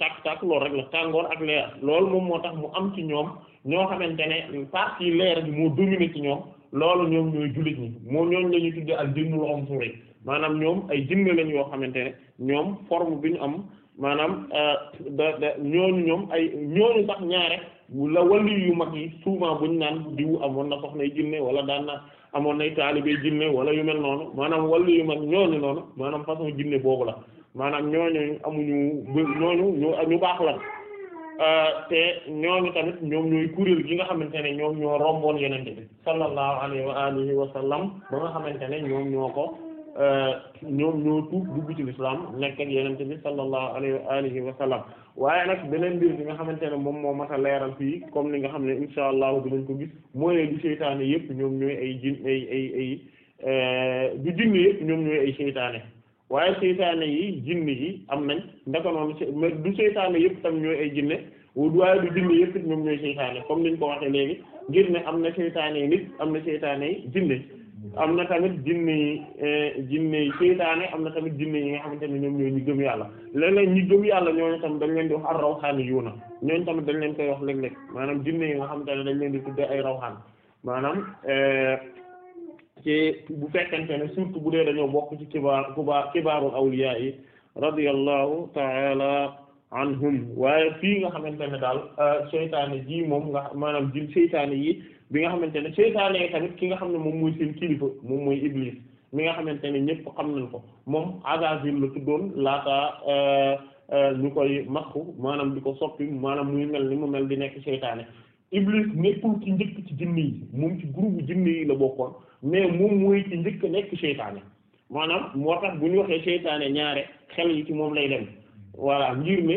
[SPEAKER 2] tàkk-tàkk loolu rek la tàngoor ak leer loolu moom moo tax mu am ci ñoom ñoo xamante ne partie leer bi moo domine ci ñoom loolu ñoom ñooy jullit moom ñooñu la ñuy tudde al jinnul unsuri maanaam ñoom ay jinn lañ yoo xamante ne ñoom forme bi ñu am maanaam euh, da da ñooñu ñoom ay ñooñu sax ñaare la wàllu yu mag yi souvent buñ naan diwu amoon na soxna yi jinne wala daan na amoon nay taalibe jinne wala yu mel noonu maanaam wàllu yu mag ñooñu noonu maanaam façon jinne boobu la maanaam ñooñu amuñu ñoo ñu ñu baax lan euh, te ñooñu tamit ñoom ñooy kuréel gi nga xamante ne ñoom ñoo romboon yenente bi sallallahu alayhi wa alihi wa sallam ba nga xamante ne ñoom ñoo ko euh, ñoom ñoo tuub bu ci lislaam nekk ak yenente bi sallallahu alayhi wa alihi wa sallam waaye nag beneen mbir bi nga xamante ne moom moo mat a leeral fii comme li nga xam ne insha allahu dinañ ko gis mooy ne du seytaane yëpp ñoom ñooy ay jin ay ay ay euh, jinne yëpp ñoom ñooy ay seytaane waaye seytaane yi jinne yi am nañ ndaka noonu du seytaane yëpp tam ñooy ay jinne waaye du jinne yëpp it ñoom ñooy seytaane comme niñ ko waxee léegi ngir ne am na seytaane yi nit am na seytaane yi jinne am na tamit jinne yi eh, am na tamit jinne yi nga xamante ne ñoom ñooy ñu gëm yàlla léeg-léeg ñi gëm yàlla ñooñu tamit dañ leen di wax ar rawxaani yuuna ñooñu tamit dañ leen koy wax léeg lekk maanaam jinne yi nga xamante ne dañ leen di tudde ay rawxaan maanaam eh, ci bu fekkente ne surtout bu dee dañoo bokk ci kibaar kubaar kibaarul awliya yi radiyallahu ta'ala anhum waaye fii nga xamante ne daal euh, seytaane ji moom nga maanaam ji seytaane yi bi nga xamante ne seytaane yi tamit ki nga xam ne moom mooy seen kilifa moom mooy iblis mi nga xamante ne ñëpp xam nañ ko moom Azazel la tuddoon laata euh, euh, ñu koy makku maanaam di ko soppi maanaam muy mel ni mu mel di nekk seytaane iblis nekkul ci njëkk ci jinne yi moom ci groupe jinne yi la bokkoon mais moom mooy ci njëkk nekk seytaane maanaam moo tax bu ñu waxee seytaane ñaare xel yi ci moom lay dem voilà ngir ne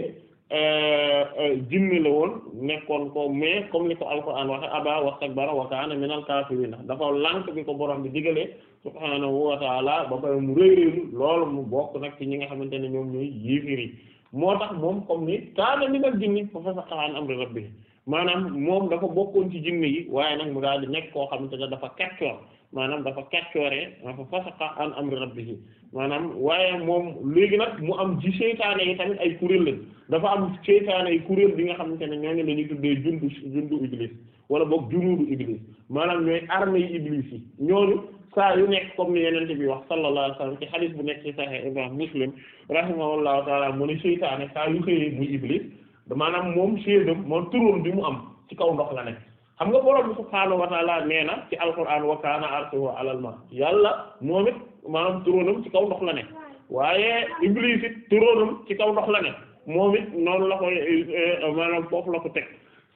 [SPEAKER 2] euh, euh, jinne la woon nekkoon ko mais comme ni ko alquran waxe aba wastakbara wa kaana minal kaafiriina dafa lànk bi ko borom bi digalee subhaanahu wa taala ba pare loolu mu bokk nag ci ñi nga xamante ne ñoom ñooy moo tax moom comme ni kaana minal maanaam moom dafa bokkoon ci jinne yi waaye nag mu daal di nekk koo xamante ne dafa kaccoor maanaam dafa kaccooree dafa fasaqa an amri rabbihi maanaam waaye moom léegi nag mu am ci seytaane yi tamit ay kuréel lañ dafa am seytaane yi kuréel bi nga xamante ne ñooñu la ñuy tuddee jundu jundu iblis wala boog junuudu iblis maanaam ñooy armée yi iblis yi ñooñu saa yu nekk comme ni yenente bi wax sallallahu alayhi wasallam ci xadiis bu nekk ci Sahih Imam Muslim rahimahullahu taala mu maanaam moom chaise am moom turoon bi mu am ci kaw ndox la nekk xam nga borom bi subhaanahu wa nee na ci alquran wa kaana arshuhu alal ma yàlla moom it maanaam turoonam ci kaw ndox la ne waaye iblis it turoonam ci kaw ndox la ne moom it noonu la ko eh, eh, maanaam foofu la ko teg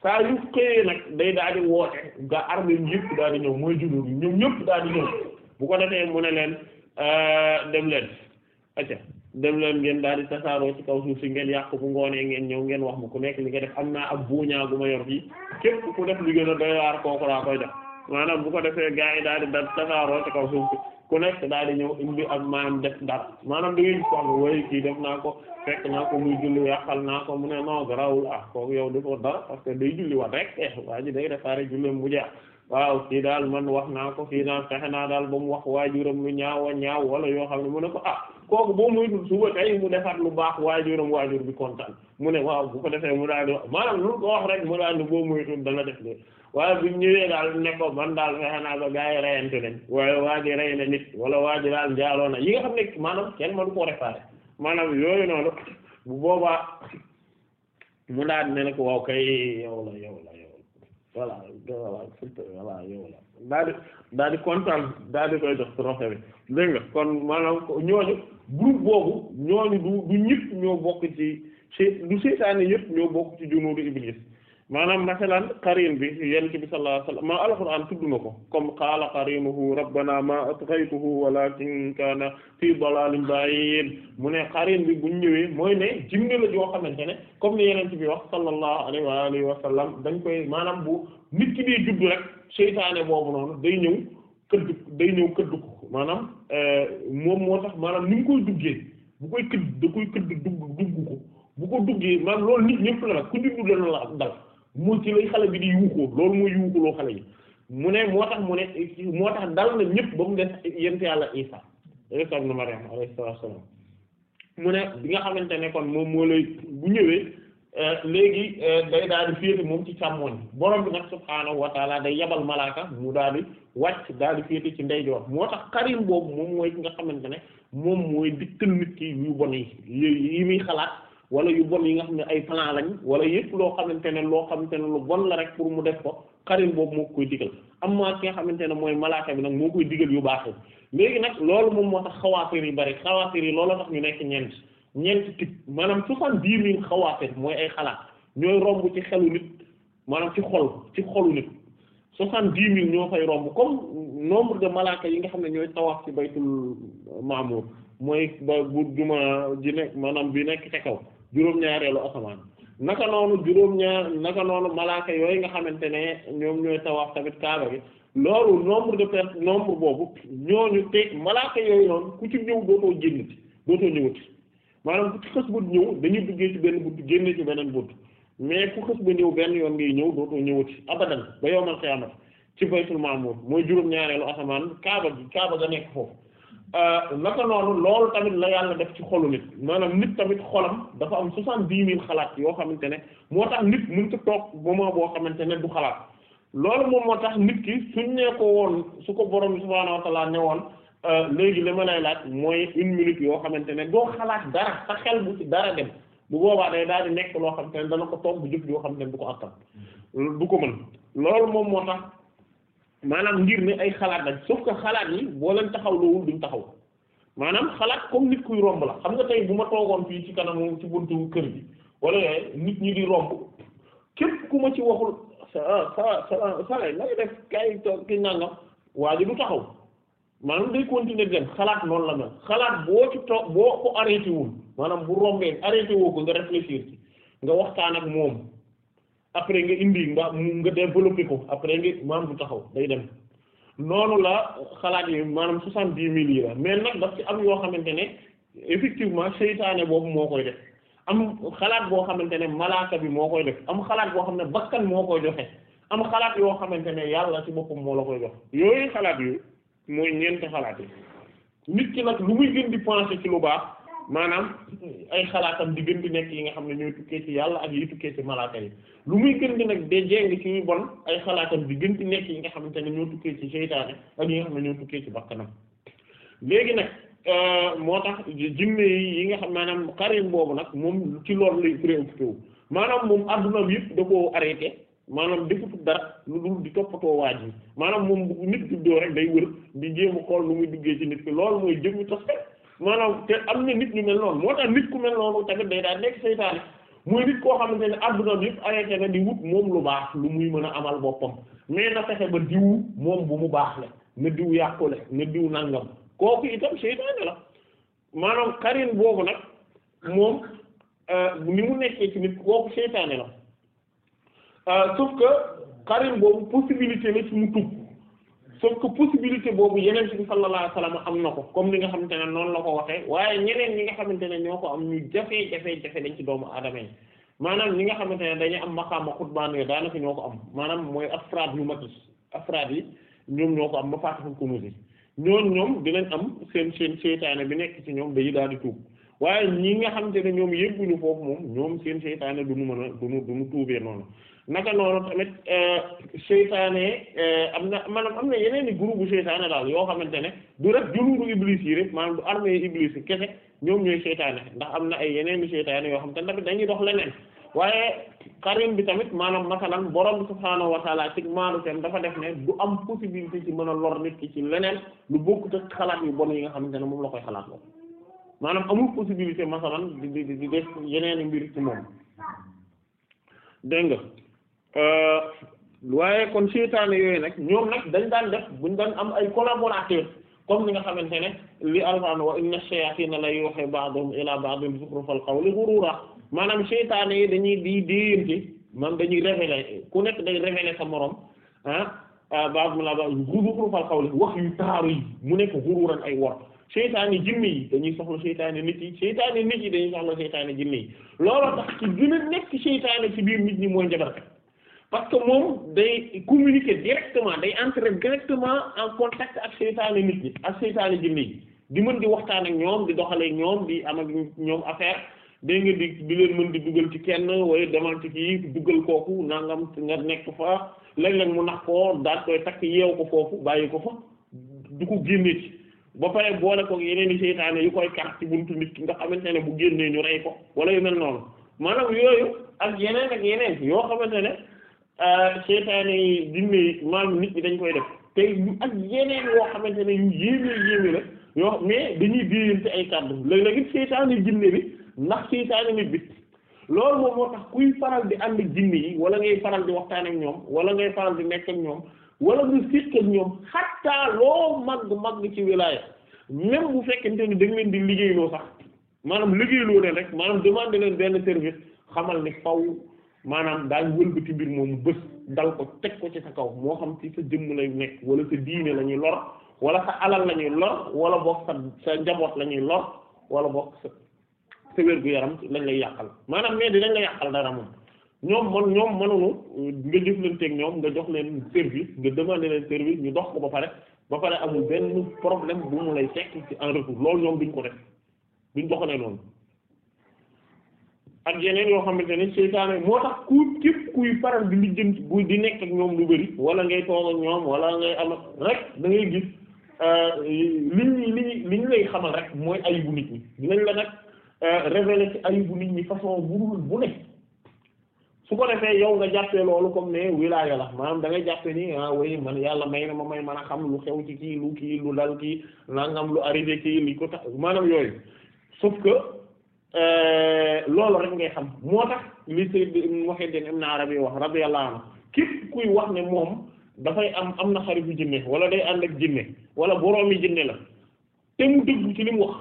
[SPEAKER 2] saa yu xëyee nag day daal di woote nga armé yëpp daal di ñëw mooy jullit ñoom ñëpp daal di ñëw bu ko defee mu ne leen euh, dem leen acca dem leen ngeen daal di tasaaroo ci kaw suuf ngeen yàq bu ngoonee ngeen ñëw ngeen wax ma ku nekk li nga def am naa ab buuñaa gu ma yor fii a doy waar kooku laa koy def bu ko defee daal di da tasaaroo ci kaw di ñëw indi ak maanaam def dara maanaam da ngay soxla waaye kii def naa ko fekk naa ko muy julli yàqal naa ko mu ne non garawul ah kooku yow defoo dara parce que day julli wat rek eh waa ji day defaare julli mu jeex waaw kii daal man wax naa ko kii daal fexe naa daal ba mu wax waajuram lu ñaaw a ñaaw wala yoo xam ne mu ne ko ah kooku boo moytuwul suba tey mu defaat lu baax waajuram waajur bi kontaan mu ne waaw bu ko defee mu daal di maanaam lu ko wax rek mu daal di boo moytuwul dana def de waaye bu ñëwee daal ne ko man daal fexe naa ba gars yi reyante nañ waaye waa ji na nit wala waa ji daal njaaloo na yi nga xam ne maanaam kenn mënu koo réparé maanaam yooyu noonu bu boobaa mu daal ne ko waaw kay yow la voilà voilà voilà yow la daal di daal di kontaan daal di koy jox trophée bi dégg nga kon maanaam ñooñu groupe boobu ñooñu du du ñëpp ñoo bokk ci du seytaane yëpp ñoo bokk ci junuudu iblis maanaam masalan qarin bi yonent bi sallallahu alayhi wasallam ma alquran tudd na ko comme qaala qarinuhu rabbana ma atghaytuhu walakin kana fi dalalin ba'id mu ne qarin bi buñ ñëwee mooy ne jimne la joo xamante ne comme ni yonent bi wax sallallahu alayhi wa alihi wa sallam dañ koy maanaam bu nit ki dee judd rek seytaane boobu noonu day ñëw këdd day ñëw këdd ko maanaam euh, moom moo tax maanaam ni mu koy duggee bu koy këdd da koy këdd dugg dugg ko bu ko duggee maanaam loolu ñëpp la nag ku mu ci lay xale bi di yuuxoo loolu mooy yuuxuloo xale yi mu ne moo tax mu ne moo tax dal na ñëpp ba mu def yent yàlla Isa Isa ibn Maryam alayhi salaam mu ne bi nga xamante ne kon moom moo lay bu ñëwee euh, léegi euh, day daal di féete moom ci càmmoñ borom bi nag subhaanahu wa day yebal malaaka mu daal di wàcc daal di féete ci ndeyjoor moo tax karim boobu moom mooy nga xamante ne moom mooy dikkal nit ki yu bon yi yi muy xalaat wala yu bon yi nga xam ne ay plan lañ wala yëpp loo xamante ne loo xamante ne lu bon la rek pour mu def ko xarin boobu moo koy digal am ki nga xamante ne mooy malaaka bi nag moo koy digal yu baax léegi nag loolu moom moo tax xawaatir yi bari xawaatir yi loolu tax ñu nekk ñeent ñeent type maanaam soixante-dix mille xawaatir mooy ay xalaat ñooy romb ci xelu nit maanaam ci xol ci xolu nit soixante-dix mille ñoo fay romb comme nombre de yi nga xam ne ñooy tawaaf ci baytul maamuur mooy ba bu jumaa ji nekk maanaam bi nekk ca kaw juróom-ñaareelu asamaan naka noonu juróom-ñaar naka noonu malaaka yooyu nga xamante ne ñoom ñooy tawaaf tamit kaaba gi loolu nombre de personnes nombre boobu ñooñu teg malaaka yooyu noonu ku ci ñëw dootoo génnati dootoo ñëwati maanaam ku ci xës ba ñëw dañuy duggee ci benn bunt génne ci beneen bunt mais ku xës ba ñëw benn yoon ngay ñëw dootoo ñëwati abadan ba yowmal xiyaamati ci baytul maamur mooy juróom-ñaareelu asamaan kaaba gi ga Euh, naka noonu loolu tamit la yàlla def ci xolu nit maanaam nit tamit xolam dafa am soixante-dix mille xalaat yoo xamante ne moo tax nit mënut a toog moment boo xamante ne du xalaat loolu moom moo tax nit ki suñ nee woon su ko borom subhaanahu wa ta'aala ne woon euh, léegi li ma lay laaj mooy une yoo xamante ne doo xalaat dara sa xel bu ci dara dem bu boobaa day daal di nekk loo xamante ne dana ko toog bu jëf yoo xamante ne du ko attan du ko mën loolu moom moo tax. maanaam ngir ne ay xalaat lañ sauf que xalaat yi boo leen taxaw loowul duñ taxaw maanaam xalaat comme nit kuy romb la xam nga tey bu ma toogoon fii ci kanamu ci buntu kër wala nit ñi di romb képp ku ma ci waxul sa sa sa sala waa ji du taxaw maanaam day continuer di xalaat noonu la mel xalaat boo ci toog boo ko arrêté wul maanaam bu rombee arrêté ko nga réfléchir ci nga waxtaan ak moom après nga indi mbaa nga développé ko après nga maam du taxaw day dem noonu la xalaat yi maanaam soixante-dix mille yi mais nag daf ci am yoo xamante ne effectivement seytaane boobu moo koy def am xalaat boo xamante ne malaaka bi moo koy def am xalaat boo xam ne bakkan moo koy joxe am xalaat yoo xamante ne yàlla ci boppam moo la koy jox yooyu xalaat yooyu mooy ñeenti xalaat yi nit ki nag lu muy gën di penser ci lu baax maanaam ay xalaatam di gën di nekk yi nga xam ne ñooy tukkee ci yàlla ak yi tukkee ci malaaka yi lu muy gën di nag de jéng ci yu bon ay xalaatam di gën nekk yi nga xamante ne ñoo tukkee ci seytaane ak yi nga xam ne ñoo tukkee ci bakkanam léegi nag euh, moo tax jinne yi nga xam maanaam xarim boobu nag moom ci lool lay préoccupé wu maanaam moom adduna yëpp da koo arrêté maanaam defutu dara lu dul di toppatoo waaj maanaam moom nit juddoo rek day wër di jéem xool lu muy duggee ci nit ki loolu mooy jëmmi tos rek maanaam te am na nit ñu mel noonu moo tax nit ku mel noonu tamit day daal nekk seytaane muy nit koo xamante ne àdduna yëpp arrêté na di wut moom lu baax lu muy mën a amal boppam mais na fexe ba diw moom bu mu baax la na diw yàqule na diw nangam kooku itam seytaane la maanaam karin boobu nag moom euh, ni mu nekkee ci nit kooku seytaane la euh, sauf que karin boobu possibilité la ci mu tub sauf que possibilité boobu yeneen bi sallallahu alayhi wasallam am na ko comme li nga xamante ne noon la ko waxee waaye ñeneen ñi nga xamante ne ñoo ko am ñu jafee jafee jafe doomu aadama yi maanaam ñi ne dañuy am maqaama xutbaan yooyu daanaka ñoo ko am maanaam mooy afraad yu mag yi afraad yi ñoom ñoo ko am ba faatixul kunuus yi ñoon ñoom dinañ am seen seen seytaane bi nekk si ñoom dañuy daal di tuub waaye ñi nga xamante ne ñoom ñu foofu moom ñoom seen seytaane du ñu mën a du ñu tuubee noonu naka noonu tamit euh, seytaane euh, am na maanaam am na yeneen i groupe bu seytaane daal yoo xamante ne du rek junuudu iblis yi rek maanaam du armée iblis yi kese ñoom ñooy seytaane ndax am na ay yeneen i seytaane yoo xam ne tamit dañuy dox leneen waaye xarim bi tamit maanaam masalan borom subhaanahu wa taala ci maanu seen dafa def ne du am possibilité ci mën a lor nit ki ci leneen lu bokkut ak xalaat yu bon yi nga xamante ne moom la koy xalaat lool maanaam amul possibilité masalan di di di def yeneen i mbir ci nga Euh, waaye kon seytaane yooyu nag ñoom nag dañ daan def buñ daan am ay collaborateur comme ni nga xamante ne li alquran wa inna shayatina la yuhi ba'dhum ila ba'dhin zukhrufal qawli ghurura maanaam seytaane yi dañuy di déyante maanaam dañuy révéler ku nekk day révéler sa morom ah, ah ba'dhum la ba'dhin zukhrufal qawli wax yu taaru yi mu nekk ghururan ay wor seytaane jinne yi dañuy soxla seytaane nit yi seytaane nit yi dañuy soxla seytaane jinne yi loolu tax ci gën nekk seytaane ci biir nit ñi mooy njabarkat parce que moom day communiquer directement day entrer directement en contact ak seytaane nit ñi ak seytaane jinne yi di mën di waxtaan ak ñoom di doxalee ñoom di am ak ñoom affaire dégg nga di di leen mën di dugal ci kenn wala demal ci kii dugal kooku nangam nga nekk fa léeg-léeg mu nax ko daal koy takk yeew ko foofu bàyyi ko fa du ko génne ci ba pare boole ko yeneen i seytaane yu koy kar ci buntu nit ki nga xamante ne bu génnee ñu rey ko wala yu mel noonu yeneen yoo xamante ne. Euh, seytaane yi jinne yi maanaam nit ñi dañ koy def te ak yeneen yoo xamante ne yu yéeme yéeme la yoo mais dañuy déyante ay kàddu léeg-léeg it seytaane jinne bi ndax seytaane nit bi loolu moom moo tax kuy faral di ànd ak jinne yi wala ngay faral di waxtaan ak ñoom wala ngay faral di nekk ak ñoom wala nga sikk ak ñoom xattaa loo mag màgg ci wilaaya même bu fekkente ni da nga leen di liggéey liggéeyloo sax maanaam liggéey liggéeyloo leen rek maanaam demande leen benn service xamal ni faw maanaam daal wëlbati mbir moomu bës dal ko teg ko ci sa kaw moo xam ci sa jëmm lay nekk wala sa diine la ñuy lor wala sa alal la lor wala boog sa sa njaboot la ñuy lor wala boog sa sa wér gu yaram lañ lay yàqal maanaam mais dinañ la yàqal dara moom ñoom man ñoom mënuñu nga jëflanteeg ñoom nga jox leen service nga demander leen service ñu dox ko ba pare ba pare amul benn problème bu mu lay tekk ci en retour loolu ñoom duñ ko def duñ doxalee noonu. ak yeneen yoo xamante ne seytaane moo tax ku képp kuy faral di lu jëm bu di nekk ñoom lu bari wala ngay toog ñoom wala ngay am ak rek da ngay gis liñ liñ liñ lay xamal rek mooy ayibu nit ñi dinañ la nag euh, révéler ci ayibu nit ñi façon bu bu su ko defee yow nga jàppee loolu comme ne wilaaya la maanaam da ngay jàppe ni ah oui man yàlla may na ma may man a xam lu xew ci kii lu kii lu dal kii nangam lu arrivé kii li ko tax maanaam yooyu sauf que. Euh, loolu rek ngay xam moo tax li Sayyid Muhyiddin Ibn Arabi wax radiyallahu anhu képp kuy wax ne moom dafay am am na xaritu jinne wala day ànd ak jinne wala boroomi jinne la te mu dëgg ci li wax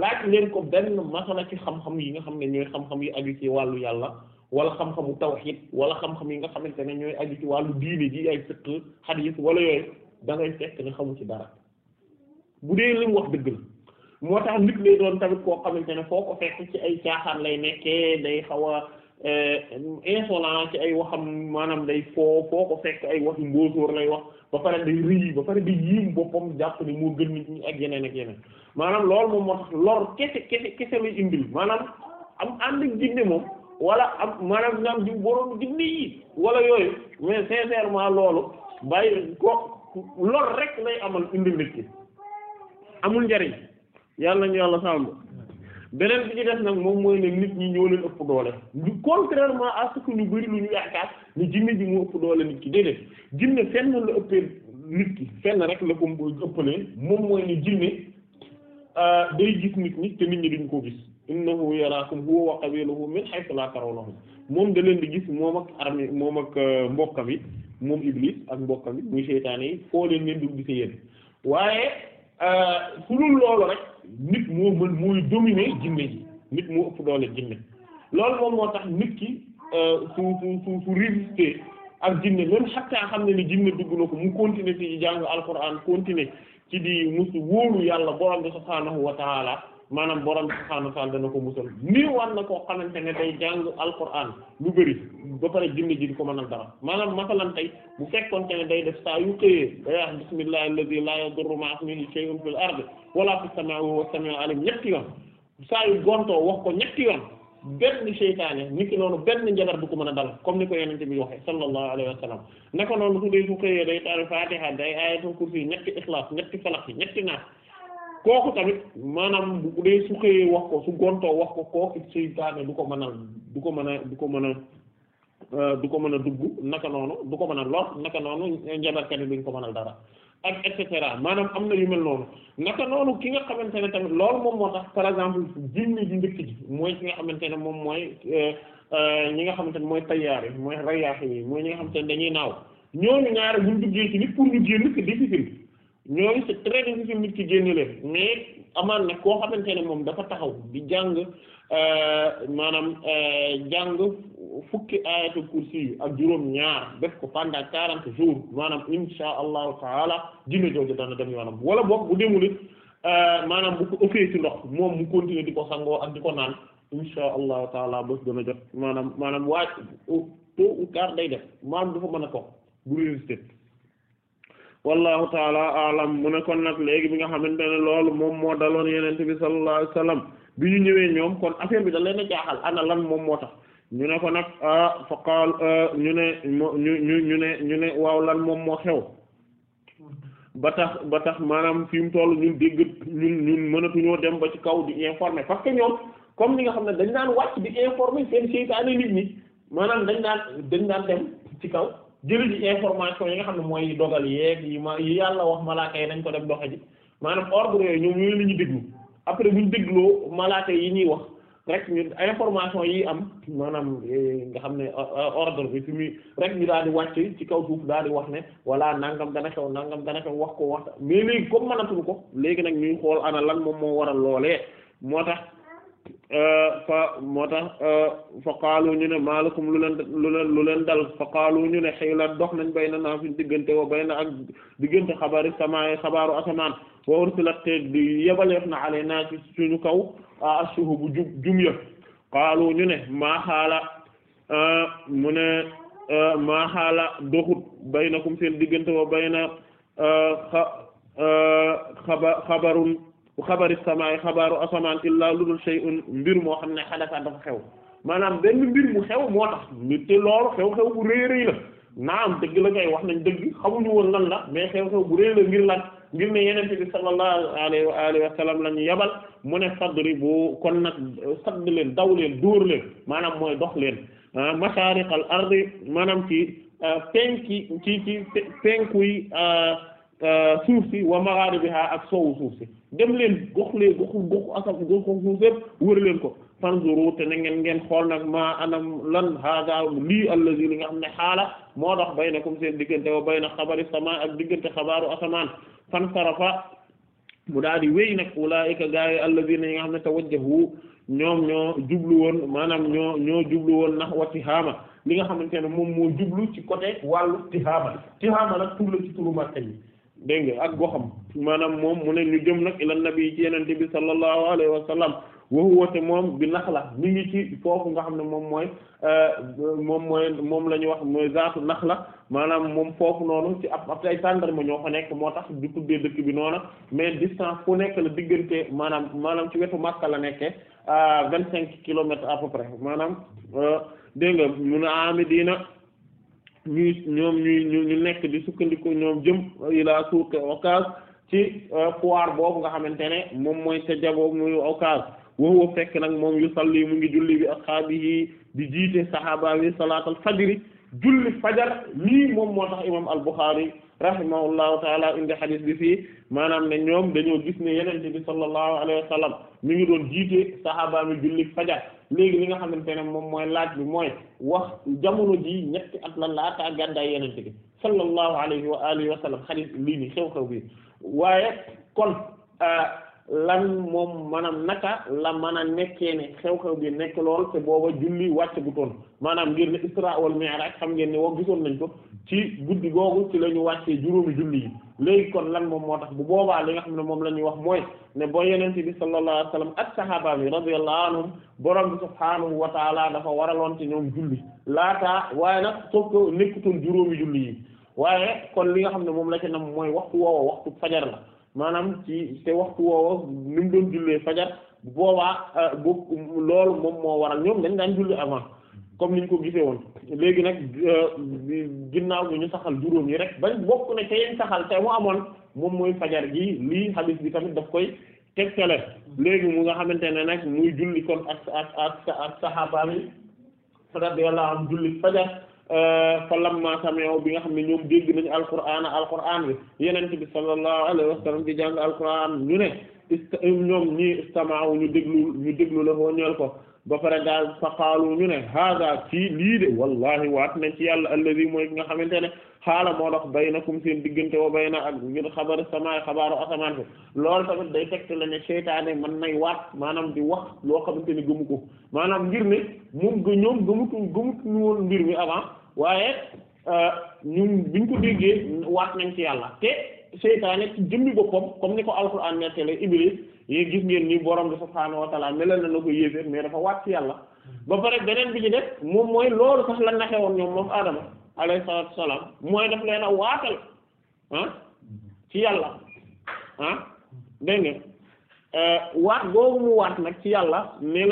[SPEAKER 2] laaj leen ko benn masala ci xam-xam yi nga xam ne ñooy xam-xam yi aju ci wàllu yàlla wala xam-xamu tawhid wala xam-xam yi nga xamante ne ñooy aju ci wàllu diine ji ay fiqh hadith wala yooyu dangay ngay fekk ne xamu ci dara bu dee li wax dëgg la. moo tax nit lay doon tamit koo xamante ne foo ko fekk ci ay caaxaan lay nekkee day xaw a eh, insolent ci ay waxam maanaam day foo foo ko fekk ay waxi mbóosóor lay wax ba pare day rëy ba pare day yiim boppam jàpp ni moo gën nit ñi ak yeneen ak yeneen maanaam lool moom moo tax lor kese kese kese lay indil maanaam am ànd ak jinne moom wala am maanaam ñaam di boroom jinne yi wala yooyu mais sincèrement loolu bàyyi ko lor rek lay amal indil nit ki yàlla ñu yàlla sàmm beneen bi ci def nag moom mooy ne nit ñi ñoo leen ëpp doole du contrairement à ce que lu ñu yaakaar ni jinne ji mu ëpp doole nit ki déedéet jinne fenn la ëppee nit ki fenn rek la ko ëppalee moom mooy ne jinne euh, day gis nit ñi te nit ñi duñ ko gis innahu yaraakum huwa wa qabiluhu min haythu la tarawnahum moom da leen di gis moom ak armée moom ak euh, mbokkam yi moom iblis ak mbokkam yi muy seytaane yi foo leen leen dul gisee yéen waaye su euh, dul loolu rek nit moo mën mooy dominer jinne ji nit moo ëpp doole jinne loolu moom moo tax nit ki su su su su ak jinne même xattaa xam ne ni jinne dugg na ko mu continuer ci jàng alquran continuer ci di musu wóolu yàlla borom bi subhaanahu wa taala maanaam borom subhaanahu wa ta'ala dana ko musal nii wan na koo xamante ne day jàng alquran lu bëri ba pare jinne ji di ko mënal dara maanaam masalan tey bu fekkoonte ne day def saa yu xëyee day wax bismillahi alladhi la yadurru ma'a ismihi shay'un fil ardi wala ñetti yoon saa yu gontoo wax ko ñetti yoon benn seytaane nit ki noonu benn njabar du ko mën a dal comme ni ko yonent bi waxee sallallahu alayhi wa sallam naka noonu su dee su xëyee day taal fatiha day ayatul kursi ñetti kooku tamit maanaam bu dee su xëyee wax ko su gontoo wax ko kooku seytaane du ko mën a du ko mën a du ko mën a euh, du ko mën a dugg naka noonu du ko mën a lor naka noonu njabarkat yi duñ ko mënal dara ak et cetera maanaam am na yu mel noonu naka noonu ki nga xamante ne tamit lool moom moo tax par exemple jinne ji njëkk ji mooy ki nga xamante ne moom mooy euh, euh, ñi nga xamante ne mooy tayaar yi mooy rayaax yi mooy ñi nga xamante ne dañuy naaw ñooñu ñaare buñ duggee ci nit pour ñu génn c'est difficile ñooñu c'est très difficile nit ki génne leen mais amaan nag koo xamante ne moom dafa taxaw di jàng euh, maanaam euh, jàng fukki ayatul kursi yi ak juróom ñaar def ko pendant quarante jours maanaam insha allahu taala dina jooju dana dem yoonam wala boog bu demul euh, maanaam bu ko ndox moom mu continuer di ko ak ko naan insha allahu taala bés dana jot maanaam maanaam waaj tôt ou day def maanaam dafa mën a ko bu résister wallahu taala alam mu ne kon nag léegi bi nga xamante ne loolu moom moo daloon yenente bi sallallahu alayhi wasallam bi ñu ñëwee ñoom kon affaire bi da ne a jaaxal ana lan moom moo tax ñu ne ko nag ah fa ah, ñu ne ñu ñu ñu ne ñu ne waaw lan moom moo xew ba tax ba tax maanaam fi mu toll ñun dégg ñun ñun mënatuñoo dem ba ci kaw di informer parce que ñoom comme ni nga xam ne dañ naan wàcc di informer seen seytaane nit ñi maanaam dañ naan dañ naan dem ci kaw jëli ji information yi nga xam ne mooy dogal yeeg yi ma yi yàlla wax malaaka yi nañ ko dem doxe ji maanaam ordre yooyu ñoom ñooy li ñu déglu après bu ñu dégloo malaaka yi ñuy wax rek ñu information yi am maanaam eh, nga xam ne eh, eh, ordre bi fi muy rek ñu daal di wàcc ci kaw suuf daal di wax ne voilà nangam dana xew nangam dana xew wax ko wax mais léegi comme mënatul ko léegi nag ñuy xool ana lan moom moo waral loolee moo tax fa moo tax euh, fa qaalu ñu ne maalakum lu leen lu leen lu leen dal fa qaalu ñu ne xëyla dox nañ bay na naa fi diggante wa bay na ak diggante xabari samaay xabaaru asamaan wa ursilat te di yebaleef na ale naa suñu kaw a assuhu bu jum jum ya ñu ne maa xaala euh, mu ne euh, maa xaala doxut bay na kum seen diggante wa bay na xa xaba bu xabari samaay xabaaru asamaan illaa lu dul shay'un mbir moo xam ne xadafa dafa xew maanaam benn mbir mu xew moo tax te loolu xew-xew bu rëy rëy la naam dëgg la kay wax nañ dëgg xamuñu woon lan la mais xew-xew bu rëy la ngir lan ngir ne yeneen bi sallallahu alayhi wa alihi lañu yabal mu ne fadri bu kon nag sadd leen daw leen dóor leen maanaam mooy dox leen ah, mashaariqal ardi maanaam ci ah, penki ci ci penkuy ah, Euh, suuf si wa magharibiha ak soowu suuf si dem leen gox lee goxu suuf yëpp wër leen ko fanzuru te na ngeen ngeen xool nag ma anam lan hada lii allazi li nga xam ne xaala moo dox baynakum seen diggante wa bayna xabari sama ak diggante xabaaru asamaan fan sarafa mu daal di wéy nag ulaa'ika gaa yi allazina yi nga xam ne te tawajjahu ñoom ñoo jublu woon maanaam ñoo jublu woon nahwa Tihaama li nga xamante ne moom moo jublu ci côté wàllu Tihaama Tihaama nag tur ci turu Makka yi dégg nga ak goxam maanaam moom mu ne ñu jëm nag ila nabi ci yenente bi sallallahu alayhi wa sallam waxuwa te moom bi naxla mi ngi ci foofu nga xam ne moom mooy euh, moom mooy moom la ñu wax mooy zaatu la maanaam moom foofu noonu ci ab ab ay tàndarma ñoo fa nekk moo tax du tuddee dëkk bi noona mais distance fu nekk la diggante maanaam maanaam ci wetu Makka la nekkee euh, vingt cinq kilomètres à peu maanaam euh, dégg nga mun a diina ñuy ñoom ñuy ñu nekk di sukkandiku ñoom jëm ilaa suuq Okaz ci euh, foire boobu nga xamante ne moom mooy ca jaboo muy Okaz woowu fekk nag moom yu salli mu ngi julli bi ashaabihi di jiite sahaaba wi salaatal fajri julli fajar lii moom moo tax imam al rahimahullahu taala indi xadis bi fii maanaam ne ñoom dañoo gis ne yenente bi sallallahu alayhi wa sallam mi ngi doon jiite sahaaba mi julli fajar léegi li nga xamante ne moom mooy laaj bi mooy wax jamono ji ñetti at la laataa gàddaay yenente bi sallallahu alayhi wa alihi wa sallam xadis lii nii xew-xew bi waaye kon euh, lan moom maanaam naka la mën a nekkee ne xew-xew bi nekk lool te booba julli wàcc gu toon maanaam ngir ne isra wal mi'raj xam ngeen ne wax gisoon nañ ko ci guddi googu ci la ñu wàccee juróomi julli yi léegi kon lan moom moo tax bu boobaa li nga xam ne moom la ñuy wax mooy ne boo yenente bi sallallahu alayhi wasallam ak sahaaba bi radiyallahu anhum borom bi subhaanahu wa taala dafa waraloon ci ñoom julli laata waaye nag soo ko nekkutoon juróomi julli yi waaye kon li nga xam ne moom la ci nam mooy waxtu woowa waxtu la maanaam ci te waxtu woowa ni mu doon jullee fajar boobaa euh, bu loolu moom moo waral ñoom dañ daan julli avant comme ni ñu ko gisee woon léegi nag euh, ginnaaw bi ñu saxal juróom yi rek ba bokk ne ca yeen saxal te mu amoon moom mooy fajar gi lii hadith bi tamit daf koy teg tegtale léegi mu nga xamante ne nag muy julli kon ak ak ak ak saxaabaami radiyallahu anhum julli fajar Euh, fa lamma sami'u bi nga xam ne ñoom dégg nañu alquran alquran bi yeneen bi sallallahu alayhi wa sallam di jàng alquran ñu ne ñoom ñi istama'u ñu déglu ñu déglu la woo ñeel ko ba pare daal sa qaalu ñu ne hada fii lii de wallahi waat nañ ci yàlla alladi mooy nga xamante ne xaala moo dox baynakum seen diggante wa bayna ak ngir xabar samaay xabaaru asamaan fi loolu tamit day tegte la ne seytaane mën nay waat maanaam di wax loo xamante ni gëmu ko maanaam ngir ne moom ga ñoom gëmutu gëmutuñu woon mbir mi avant waaye euh, ñun biñ ko déggee waat nañ ci yàlla te seytaane ci jëmmi boppam comme ni ko alxuraan nettale Iblis yéen gis ngeen ni borom bi subhaanahu wa taala na na ko yéeféer mais dafa waat ci yàlla ba pare beneen bi ci de moom mooy loolu sax la naxe woon ñoom moom Adama alayhi salaatu wasalaam mooy daf leen a waatal ah, ci yàlla ah euh, waat googu mu waat nag ci yàlla ne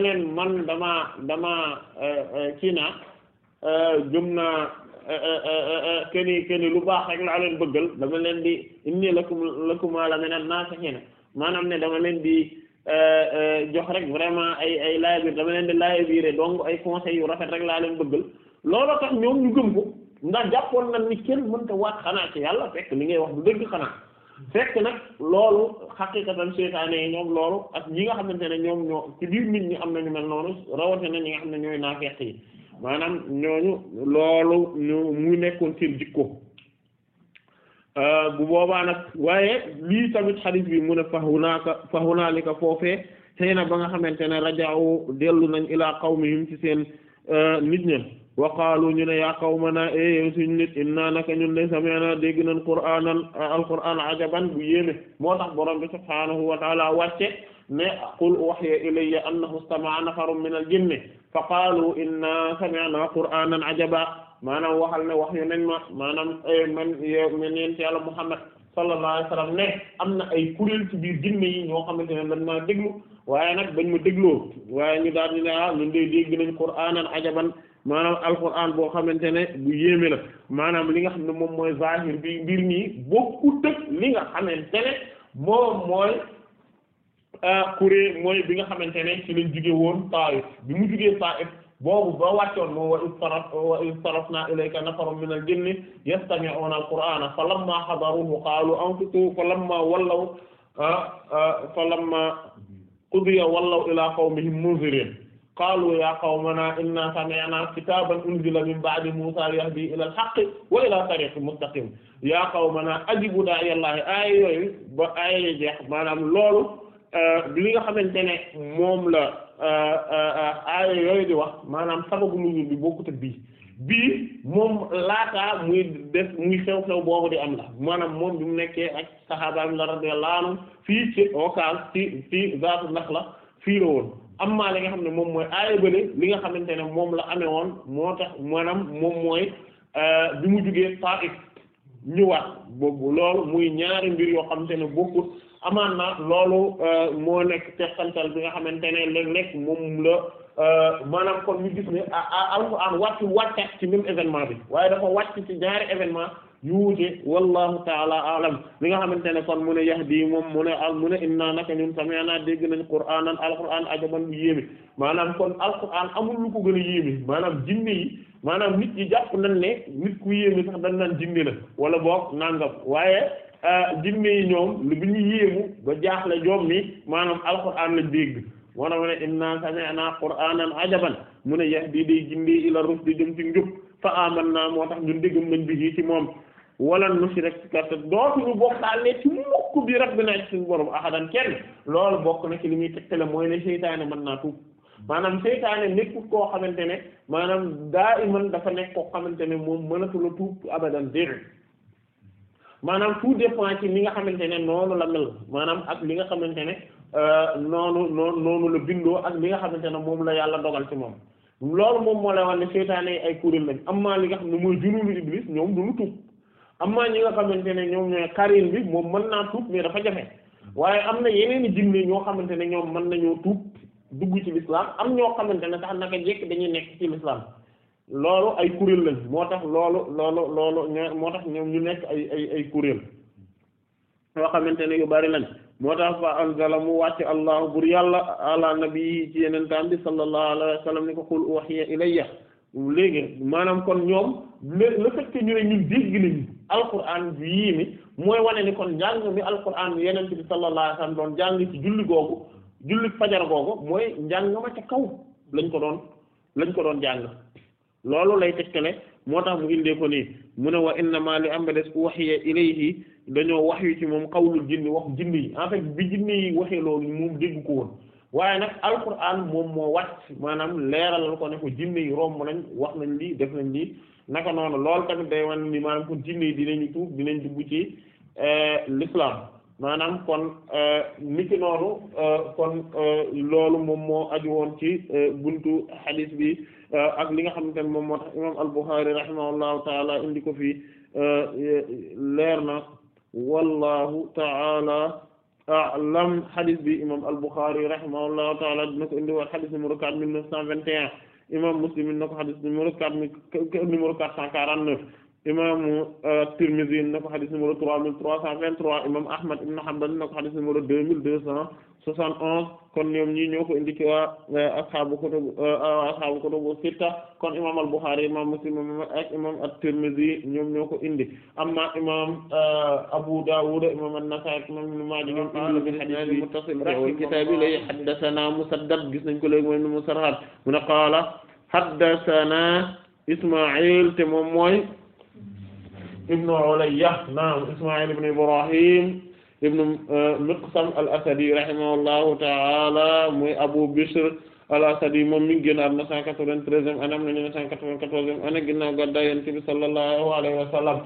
[SPEAKER 2] leen man dama dama euh, euh, kii naa na Eh, eh, eh, keni keni lu baax rek laa leen bëggal dama leen di inni lakum lakuma la minan nasihin maanaam ne dama leen di jox rek vraiment ay ay laaj biir dama leen di laaj biire donc ay conseils yu rafet rek laa leen bëggal looloo tax ñoom ñu gëm ko ndax jàppoon nañ ni kenn mënta waat xanaa ci yàlla fekk li ngay wax du dëgg xanaa fekk nag loolu xaqiqatan seytaane yi ñoom loolu ak ñi nga xamante ne ñoom ñoo ci biir nit ñi am nañu mel noonu rawatina ñi nga xam ne ñooy naafeq yi maanaam ñooñu loolu ñu muy nekkoon seen jikko euh, bu boobaa nag waaye lii tamit xadis bi mu ne fa hunaaka fa hunaalika foofee xëy na ba nga xamante ne raja'u dellu nañ ilaa qawmihim ci seen euh, nit ña wa qaalu ñu ne yaa qawmanaa eh, yow suñu nit innaa naka ñun de sami'naa dégg nañ qur'aanan al-qur'aan ajaban bu yéeme moo tax borom bi subhaanahu wa ta'aala wàcce ne qul uhiya ilayya annahu istama'a nafarun minal jinni fa qaalu inna sami'na qur'anan ajaba maanaam waxal ne wax yu nañ ma maanaam eh, man man yent yàlla Muhammad sallallahu alayhi wasallam ne am na ay kuréel ci biir jinne yi ñoo xamante ne dañ maa déglu waaye nag bañ ma dégloo waaye ñu daal di ne ah ñun de dégg nañ qur'anan ajaban maanaam alquran boo xamante ne bu yéeme la maanaam li nga xam ne moom mooy zahir bi mbir nii bokkut ak li nga xamante ne moom mooy kuré mooy bi nga xamante ne ci lañ jugee woon Taif bi mu jugee Taif boobu ba wàccoon moom wa iz saraf wa iz sarafna ilayka nafaran min al-jinni yastami'una al-qur'ana falamma hadaruhu qalu anfiqu falamma wallaw falamma qudiya wallaw ila qawmihim munzirin qaalu yaa qawmanaa innaa sami'naa kitaaban unzila min ba'di Muusaa yahdii ilal haqqi wa ilaa tariiqin mustaqiim yaa qawmanaa ajibu daa'iya Allaahi aaya yooyu ba aaya jeex maanaam loolu Euh, li nga xamante ne moom la euh, euh, aaya yooyu di wax maanaam sababu nuzul bi bokkut ak bii bii moom laataa muy def muy xew-xew boobu di am la maanaam moom bi mu nekkee ak saxaabaam la radiyallahu anhu fii ci okaas ci ci zaatu nax la fii la woon amma li nga xam ne moom mooy aaya bële li nga xamante ne moom la amee woon moo tax maanaam moom mooy bi mu jugee Taif ñëwaat boobu loolu muy ñaari mbir yoo xamante ne bokkut amaan na loolu euh, moo nekk teqantal bi nga xamante ne léeg-léeg moom la euh, maanaam kon ñu gis ne alxuraan wàccu wàccat ci même événement bi waaye dafa wàcc ci ñaari événement yu wuute wallahu taala alam li nga xamante ne kon mu ne yahdi moom mu ne mu ne na naka ñun sami'na dégg nañ qur'aanan alxuraan ajaban bu yéeme maanaam kon alxuraan amul lu ko gën a yéeme maanaam jinne yi maanaam nit yi jàpp nañ ne nit ku yéeme sax dañ naan jinne la wala boog nangam waaye Euh, jinne yi ñoom bi ñu yéemu ba jaaxle ñoom ni maanaam alquran la dégg moo tax mu ne inna sami'na qur'anan ajaban mu ne yahdi day gindi ila rusdi jëm ci njub fa naa moo tax ñun déggum nañ bi ci moom wala nushrik ci karte dootuñu bokkaale ci mukk bi rabbina ci suñu borom ahadan bokk na ci li muy tegtale mooy ne seytaane mën naa tuub maanaam seytaane nekkul koo xamante ne maanaam daa iman dafa nekk koo xamante ne moom mënatula tuub abadan déedéet maanaam tout dépend ci li nga xamante ne noonu la mel maanaam ak li nga xamante ne euh, noonu noonu noonu la bindoo ak li nga xamante ne moom la yàlla dogal ci moom loolu moom moo lay wax ne seytaane yi ay kuréel am amaa li nga xam ne mooy junuunu iblis ñoom duñu tuub amaa ñi nga xamante ne ñoom ñooy karin bi moom mën naa tuub mais dafa jafe waaye am na yeneen i jinne ñoo xamante ne ñoom mën nañoo tuub dugg ci l'islam am ñoo xamante ne sax naka jekk dañuy nekk ci l'islam loolu ay kuréel lañ moo tax loolu loolu loolu ño moo tax ñoom ñu nekk ay ay ay kuréel yoo xamante ne yu bari lañ moo tax fa anzala mu wàcce allahu bur yàlla ala nabi ci yenentaan bi sallallahu alayhi wa ni ko qul uhiya ilayya léegi maanaam kon ñoom le fait que ñu ne ñun dégg nañu alquran bi yii mi mooy wane ni kon njàng mi alquran bi yenent bi sallallahu alayhi wa sallam doon jàng ci julli googu julli fajar googu mooy njàng ma ca kaw lañ ko doon lañ ko doon jàng loolu lay tegtale moo tax mu indee ko nii mu ne wa innama li am ba des wax waxiya ilayhi dañoo wax yu ci moom xawlu jinni wax jinni yi en bi jinni yi waxee loolu moom dégg ko woon waaye nag alquran moom moo wàcc maanaam leeral leeralal ko ne ko jinni yi romb nañ wax nañ lii def nañ lii naka noonu loolu tamit day wan ni maanaam kon jinni yi dinañu tuub dinañ dugg ci euh, l'islam maanaam kon euh, niki noonu euh, kon loolu moom moo aju woon ci buntu hadith bi Euh, ak li nga xamante ne moom moo tax imam al-Bukhari rahimahullahu taala indi ko fii euh, leer na wallahu taala a'lam xadis bi imam al-Bukhari rahimahullahu taala dina ko indi waat xadis numéro quatre mille neuf cent vingt et un imam Muslim indi na ko xadis numéro quatre mille numéro quatre cent quarante neuf imam euh, Tirmidhi indi na ko xadis numéro trois mille trois cent vingt trois imam Ahmad ibn Hanbal indi na ko xadis numéro deux mille deux cent soixante onze kon ñoom ñii ñoo ko indi ci waa eh, ashaabu kutub eh, eh, ashaabu kutub sitta kon imam al-Bukhari imam Muslim ak imam at-Tirmidhi ñoom ñoo ko indi amma imam Abu Dawud imam an-Nasa'i ak imam Ibn Maaja ñoom indi bi hadith bi muttasil fi kitaabi lay haddathana Musaddad gis nañ ko léegi mooy ibn Musarhad mu ne qaala haddathana Isma'il te moom mooy ibn Ulayya naam Isma'il ibn Ibrahim ibnu Miqsam euh, al-Asadi rahimahullahu ta'ala muy Abu Bishr al-Asadi moom mi ngi génn àdduna 193e année am na ñu ne 194e année ginnaaw gàddaay Yonent bi sallallahu alayhi wa sallam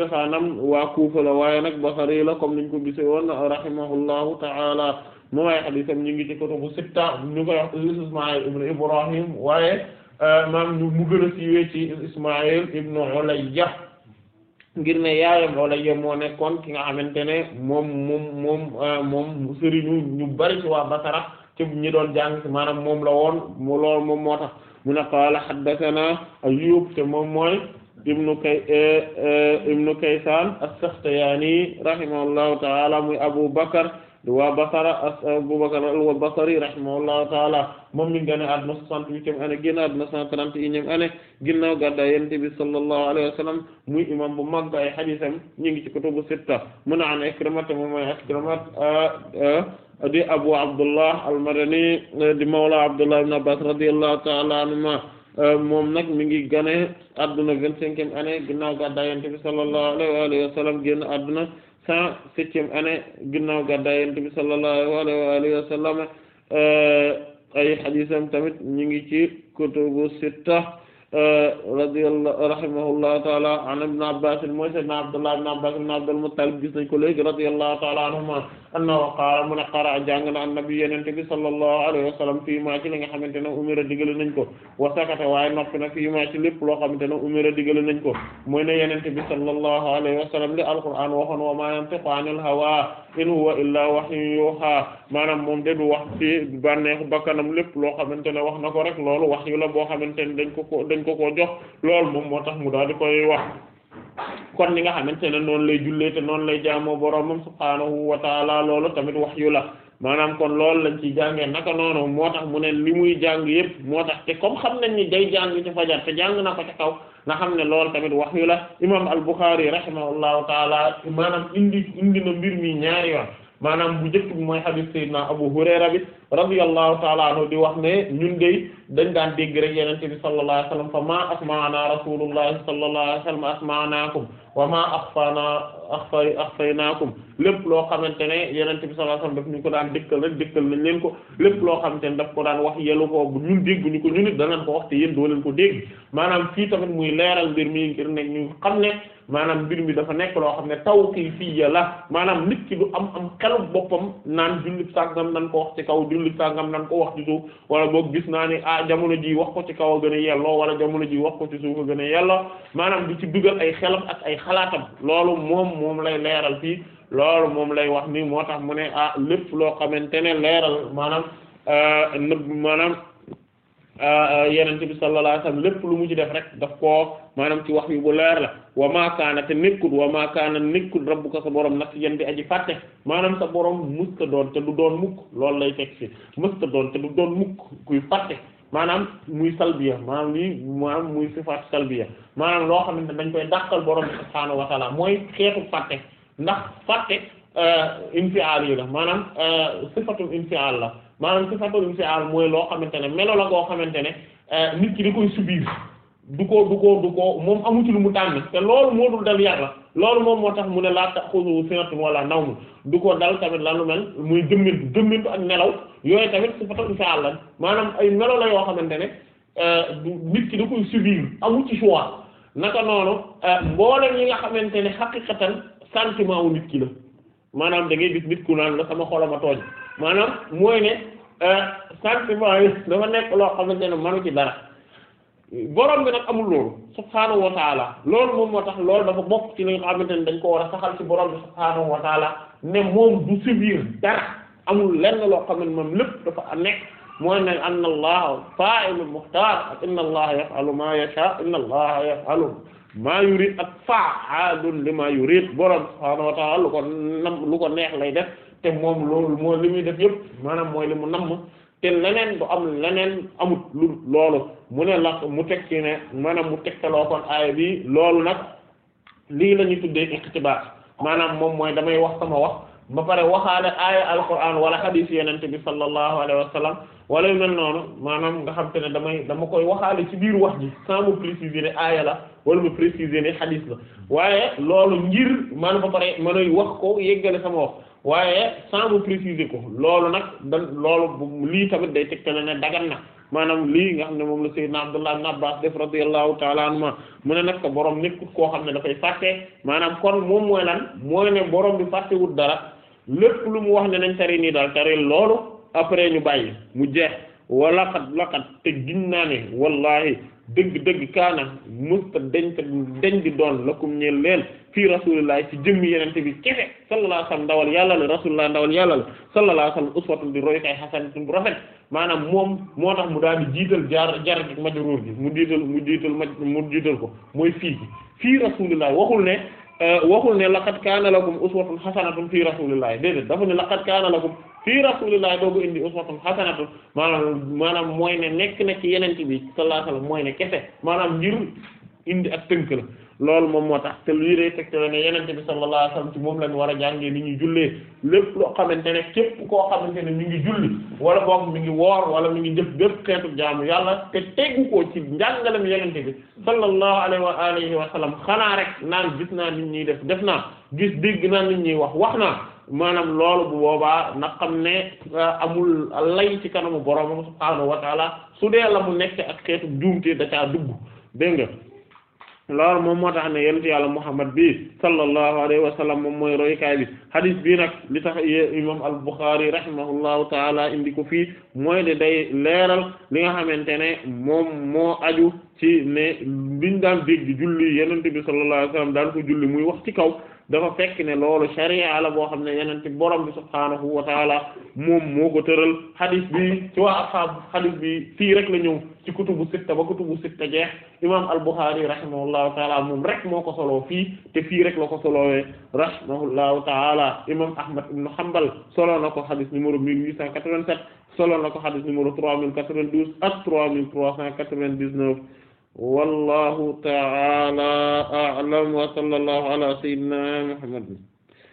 [SPEAKER 2] cosaanam waa Kuufa waaye nag Basri la comme niñ ko gisee woon rahimahullahu ta'ala moom ay hadiisam ñu ngi ci kutubu sitta ñu koy wax Ismaïl ibnu Ibrahim waaye euh, maam mu gën a siiwee ci Ismaïl ibnu Ulayya ngir ne yaayam Ulayya moo nekkoon ki nga xamante ne moom moom moom euh, moom ñu bari ci waa Basara ci ñi doon jàng ci maanaam moom la woon mu lool moom moo tax mu ne qaala haddathana Ayyub te moom mooy ibnu kay euh, euh, ibnu Kaysaan as-Sakhtiyani rahimahullahu ta'ala muy Abu Bakar du waa Basara uh, Abubakar al-Basri rahimahullahu taala moom mi ngi gane àdduna soixante-huitième année génn àdduna cent trente et unième année ginnaaw gàddaay Yonent bi alayhi wa muy imam bu mag ay hadiisam ñu ngi ci kutubu sitta mun an Ikrima moom mooy Ikrima uh, uh, di Abu Abdullah al-Madani di mawla Abdullah ibn Abbas radiyallahu ta'ala anhuma moom nag mi ngi gane àdduna vingt-cinquième année ginnaaw gàddaay Yonent bi sallallahu alayhi wa sallam génn àdduna cent septième année ginnaaw gàddaay Yonent bi sallallahu alayhi wa alihi wa sallam euh, ay hadiisam tamit ñu ngi ci kutubu sitta radiyallahu rahimahullahu taala an ibn Abbas mooy sayyidina Abdullah ibn Abbas ibn Abdul Muttalib gis nañ ko léegi radiyallahu taala anhuma annahu qaala mun a qara jàng na an nabi yenente bi sallallahu alayhi wa sallam fii maa ci li nga xamante ne umira digale nañ ko wa sakata waaye noppi na fii maa ci lépp loo xamante ne umira digale nañ ko mooy ne yenente bi sallallahu alayhi wa sallam li alquran waxoon wa maa yantiqu anil hawa in huwa illaa wahyun yuuhaa maanaam moom de du wax ci bànneexu bakkanam lépp loo xamante ne wax na ko rek loolu wax yu la boo xamante ne dañ ko ko dañ ko koo jox lool moom moo tax mu daal di koy wax kon ni nga xamante ne noonu lay jullee te noonu lay boro boroomam subhaanahu wa taala loolu tamit wax la maanaam kon loolu lañ ci jàngee naka noonu moo tax mu ne li muy jàng yëpp moo tax te comme xam nañ ni day jàng ci fajar te jàng na ko ca kaw nga xam ne loolu tamit wax yu la imam al-Bukhari rahimahullahu taala maanaam indi indi na mbir mi ñaari yoon maanaam bu njëkk bi mooy hadith sayyidina Abu Hurayra bi radiyallahu ta'ala anhu di wax ne ñun de dañ daan dégg rek yonent bi sallallahu alayhi wasallam fa ma asma'ana rasulullahi sallallahu alayhi wasallam asma'nakum wa ma axfaana axfa axfaynaakum lépp loo xamante ne yenente bi sallallahu alayhi daf ñu ko daan dëkkal rek dëkkal nañ leen ko lépp loo xamante ne ko daan wax yelu ko bu ñun dégguñu ko ñu nit danañ ko wax te yéen doo leen ko dégg maanaam fii tamit muy leeral mbir mi ngir ne ñu xam ne maanaam mbir mi dafa nekk loo xam ne tawqiifiyya la maanaam nit ki du am am xelub boppam naan jullib sàngam nan ko wax ci kaw jullib sàngam nan ko wax ci suuf wala boog gis naa ni ah jamono ji wax ko ci kaw a gën a yelloo wala jamono ji wax ko ci suuf a gën a yelloo maanaam du ci dugal ay xelam ak ay xalaatam loolu moom moom lay leeral fii loolu moom lay wax nii moo tax mu ne ah lépp loo xamante ne leeral maanaam euh, nëbb maanaam euh, yenente bi sallallahu alayhi wasallam lépp lu mu ci def rek daf koo maanaam ci wax yu bu leer la wa ma kaana te nekkul wa ma kaana nekkul rabbuka sa borom nasiyan bi aji fàtte maanaam sa boroom mësta doon te du doon mukk loolu lay teg ci mësta doon te du doon mukk kuy fàtte maanaam muy salbiya maanaam lii maanaam muy sifaat salbiya maanaam loo xamante ne dañ koy dàqal borom bi subhaanahu mooy xeetu fàtte ndax fàtte euh, infial yi la maanaam euh, sifatul infial la maanaam sifatul infial mooy loo xamante ne melo la goo xamante ne euh, nit ki di koy subir du ko du ko du ko moom amu ci lu mu tànn te loolu moo dul dal yàlla loolu moom moo tax mu ne laa ta'khudhuhu sinatun wala nawm du ko dal tamit lan lu mel muy gëmmintu gëmmintu ak nelaw yooyu tamit su si insha Allah maanaam ay melo la yoo xamante ne euh, nit ki da koy subir amu ci choix naka yi euh, nga xamante ne xaqiqatan sentiment wu nit ki la maanaam da ngay gis nit ku naan la sama xolama tooñ maanaam mooy ne euh, sentiment yi dafa nekk loo xamante ne manu ci dara borom bi nag amul loolu subhaanahu wa taala loolu moom moo tax loolu dafa bokk ci li nga xamante ne dañ ko war a saxal ci borom bi subhaanahu wa taala ne moom du subir dara amul lenn loo xam ne moom lépp dafa nekk mooy ne anna allaha fa'ilun muxtaar ak inna allaha yaf'alu ma yasha inna allaha yaf'alu ak fa'alun lima yurid borom subhaanahu wa taala lu ko neex lay def te moom loolu moo li muy def yëpp maanaam mooy li mu te leneen du am leneen amut lu loolu mu ne la mu teg ci ne maanaam mu tegtaloo kon aaya bi loolu nag lii lañuy ñuy tuddee iqtibaas maanaam moom mooy damay wax sama wax ba pare waxaale aaya alquran wala hadith yenente bi sallallahu alayhi wa sallam wala yu mel noonu maanaam nga xam te ne damay dama koy waxaale ci biir wax ji sans mu préciser ne aaya la wala mu préciser ne hadith la waaye loolu ngir maanaam ba pare mënoy wax ko yeggale sama wax waaye sans mu préciser ko loolu nag dan loolu lii tamit day tegtale ne dagan na maanaam lii nga xam ne moom la sayyidna Abdullah ibn Abbas def radiyallahu ta'ala anhuma mu ne nag ko borom nekkut koo xam ne dafay fàtte maanaam kon moom mooy lan mooy ne boroom bi fàttewut dara lépp lu mu wax ne nañ tari nii daal tari loolu après ñu bàyyi mu jeex walakat lakat te gin naa ne wallahi dëgg-dëgg kaana mësta deñ te deñ di doon lakum ñeel leen fii rasulillahi ci jëmm yenente bi kese sallallahu alayhi wasallam ndawal yàlla la rasulullah ndawal yàlla la sallallahu alayhi wasallam uswatun di royukaay xasanatun bu rafet maanaam moom moo tax mu daal di jiital jaar jaar majruur gi mu jiital mu jiital ma mu jiital ko mooy fii gi fii rasulillahi waxul ne Euh, waxul ne laqad kaana lakum uswatun hasanatun fi rasulillahi déedéet dafa ne laqad kaana lakum fi rasulillahi doogu indi uswatun hasanatun maanaam maanaam mooy nekk na ci yeneen bi sallallahu alayhi wasallam mooy ne kese maanaam ngir indi ak tënk la loolu moom moo tax te lii day te ne yenente bi sallallahu alayhi wasallam ci moom lañ war a jàngee ni ñuy jullee lépp loo xamante ne képp koo xamante ne mu ngi julli wala boog mi ngi woor wala mi ngi jëf bépp xeetu jaamu yàlla te tegu ko ci njàngalem yenente bi sallallahu alayhi wa alihi wa sallam xanaa rek naan gis naa nit ñuy def def naa gis dégg naa nit ñuy wax wax naa maanaam loolu bu boobaa na xam ne uh, amul lay ci kanamu boroomam subhaanahu wa su dee la mu nekk ak xeetu juumte da caa dugg dégg nga loolu moom moo tax ne yonent yàlla Muhammad bi sallallahu alayhi wa sallam moom mooy roykaay bi hadith bi nag li tax imam al-Bukhari rahimahullahu taala indi ko fii mooy de day leeral li nga xamante ne moom moo aju ci ne liñ daan dégg julli yonent bi sallallahu alayhi wa daan ko julli muy wax ci kaw dafa fekk ne loolu sharia la boo xam ne yonent boroom bi subhaanahu wa taala moom moo ko tëral hadith bi ci waa ashab hadith bi fii rek la ñëw ci kutubu sitta ba kutubu sitta jeex imam al-Bukhari rahimahullahu taala moom rek moo ko soloo fii te fii rek la ko solowee rahimahullahu taala imam Ahmad ibn Hanbal solo na ko xadis numéro 1887 solo na ko xadis numéro 3092 ak 3399 wallahu taala a'lam wa sallallahu ala sayyidina Muhammad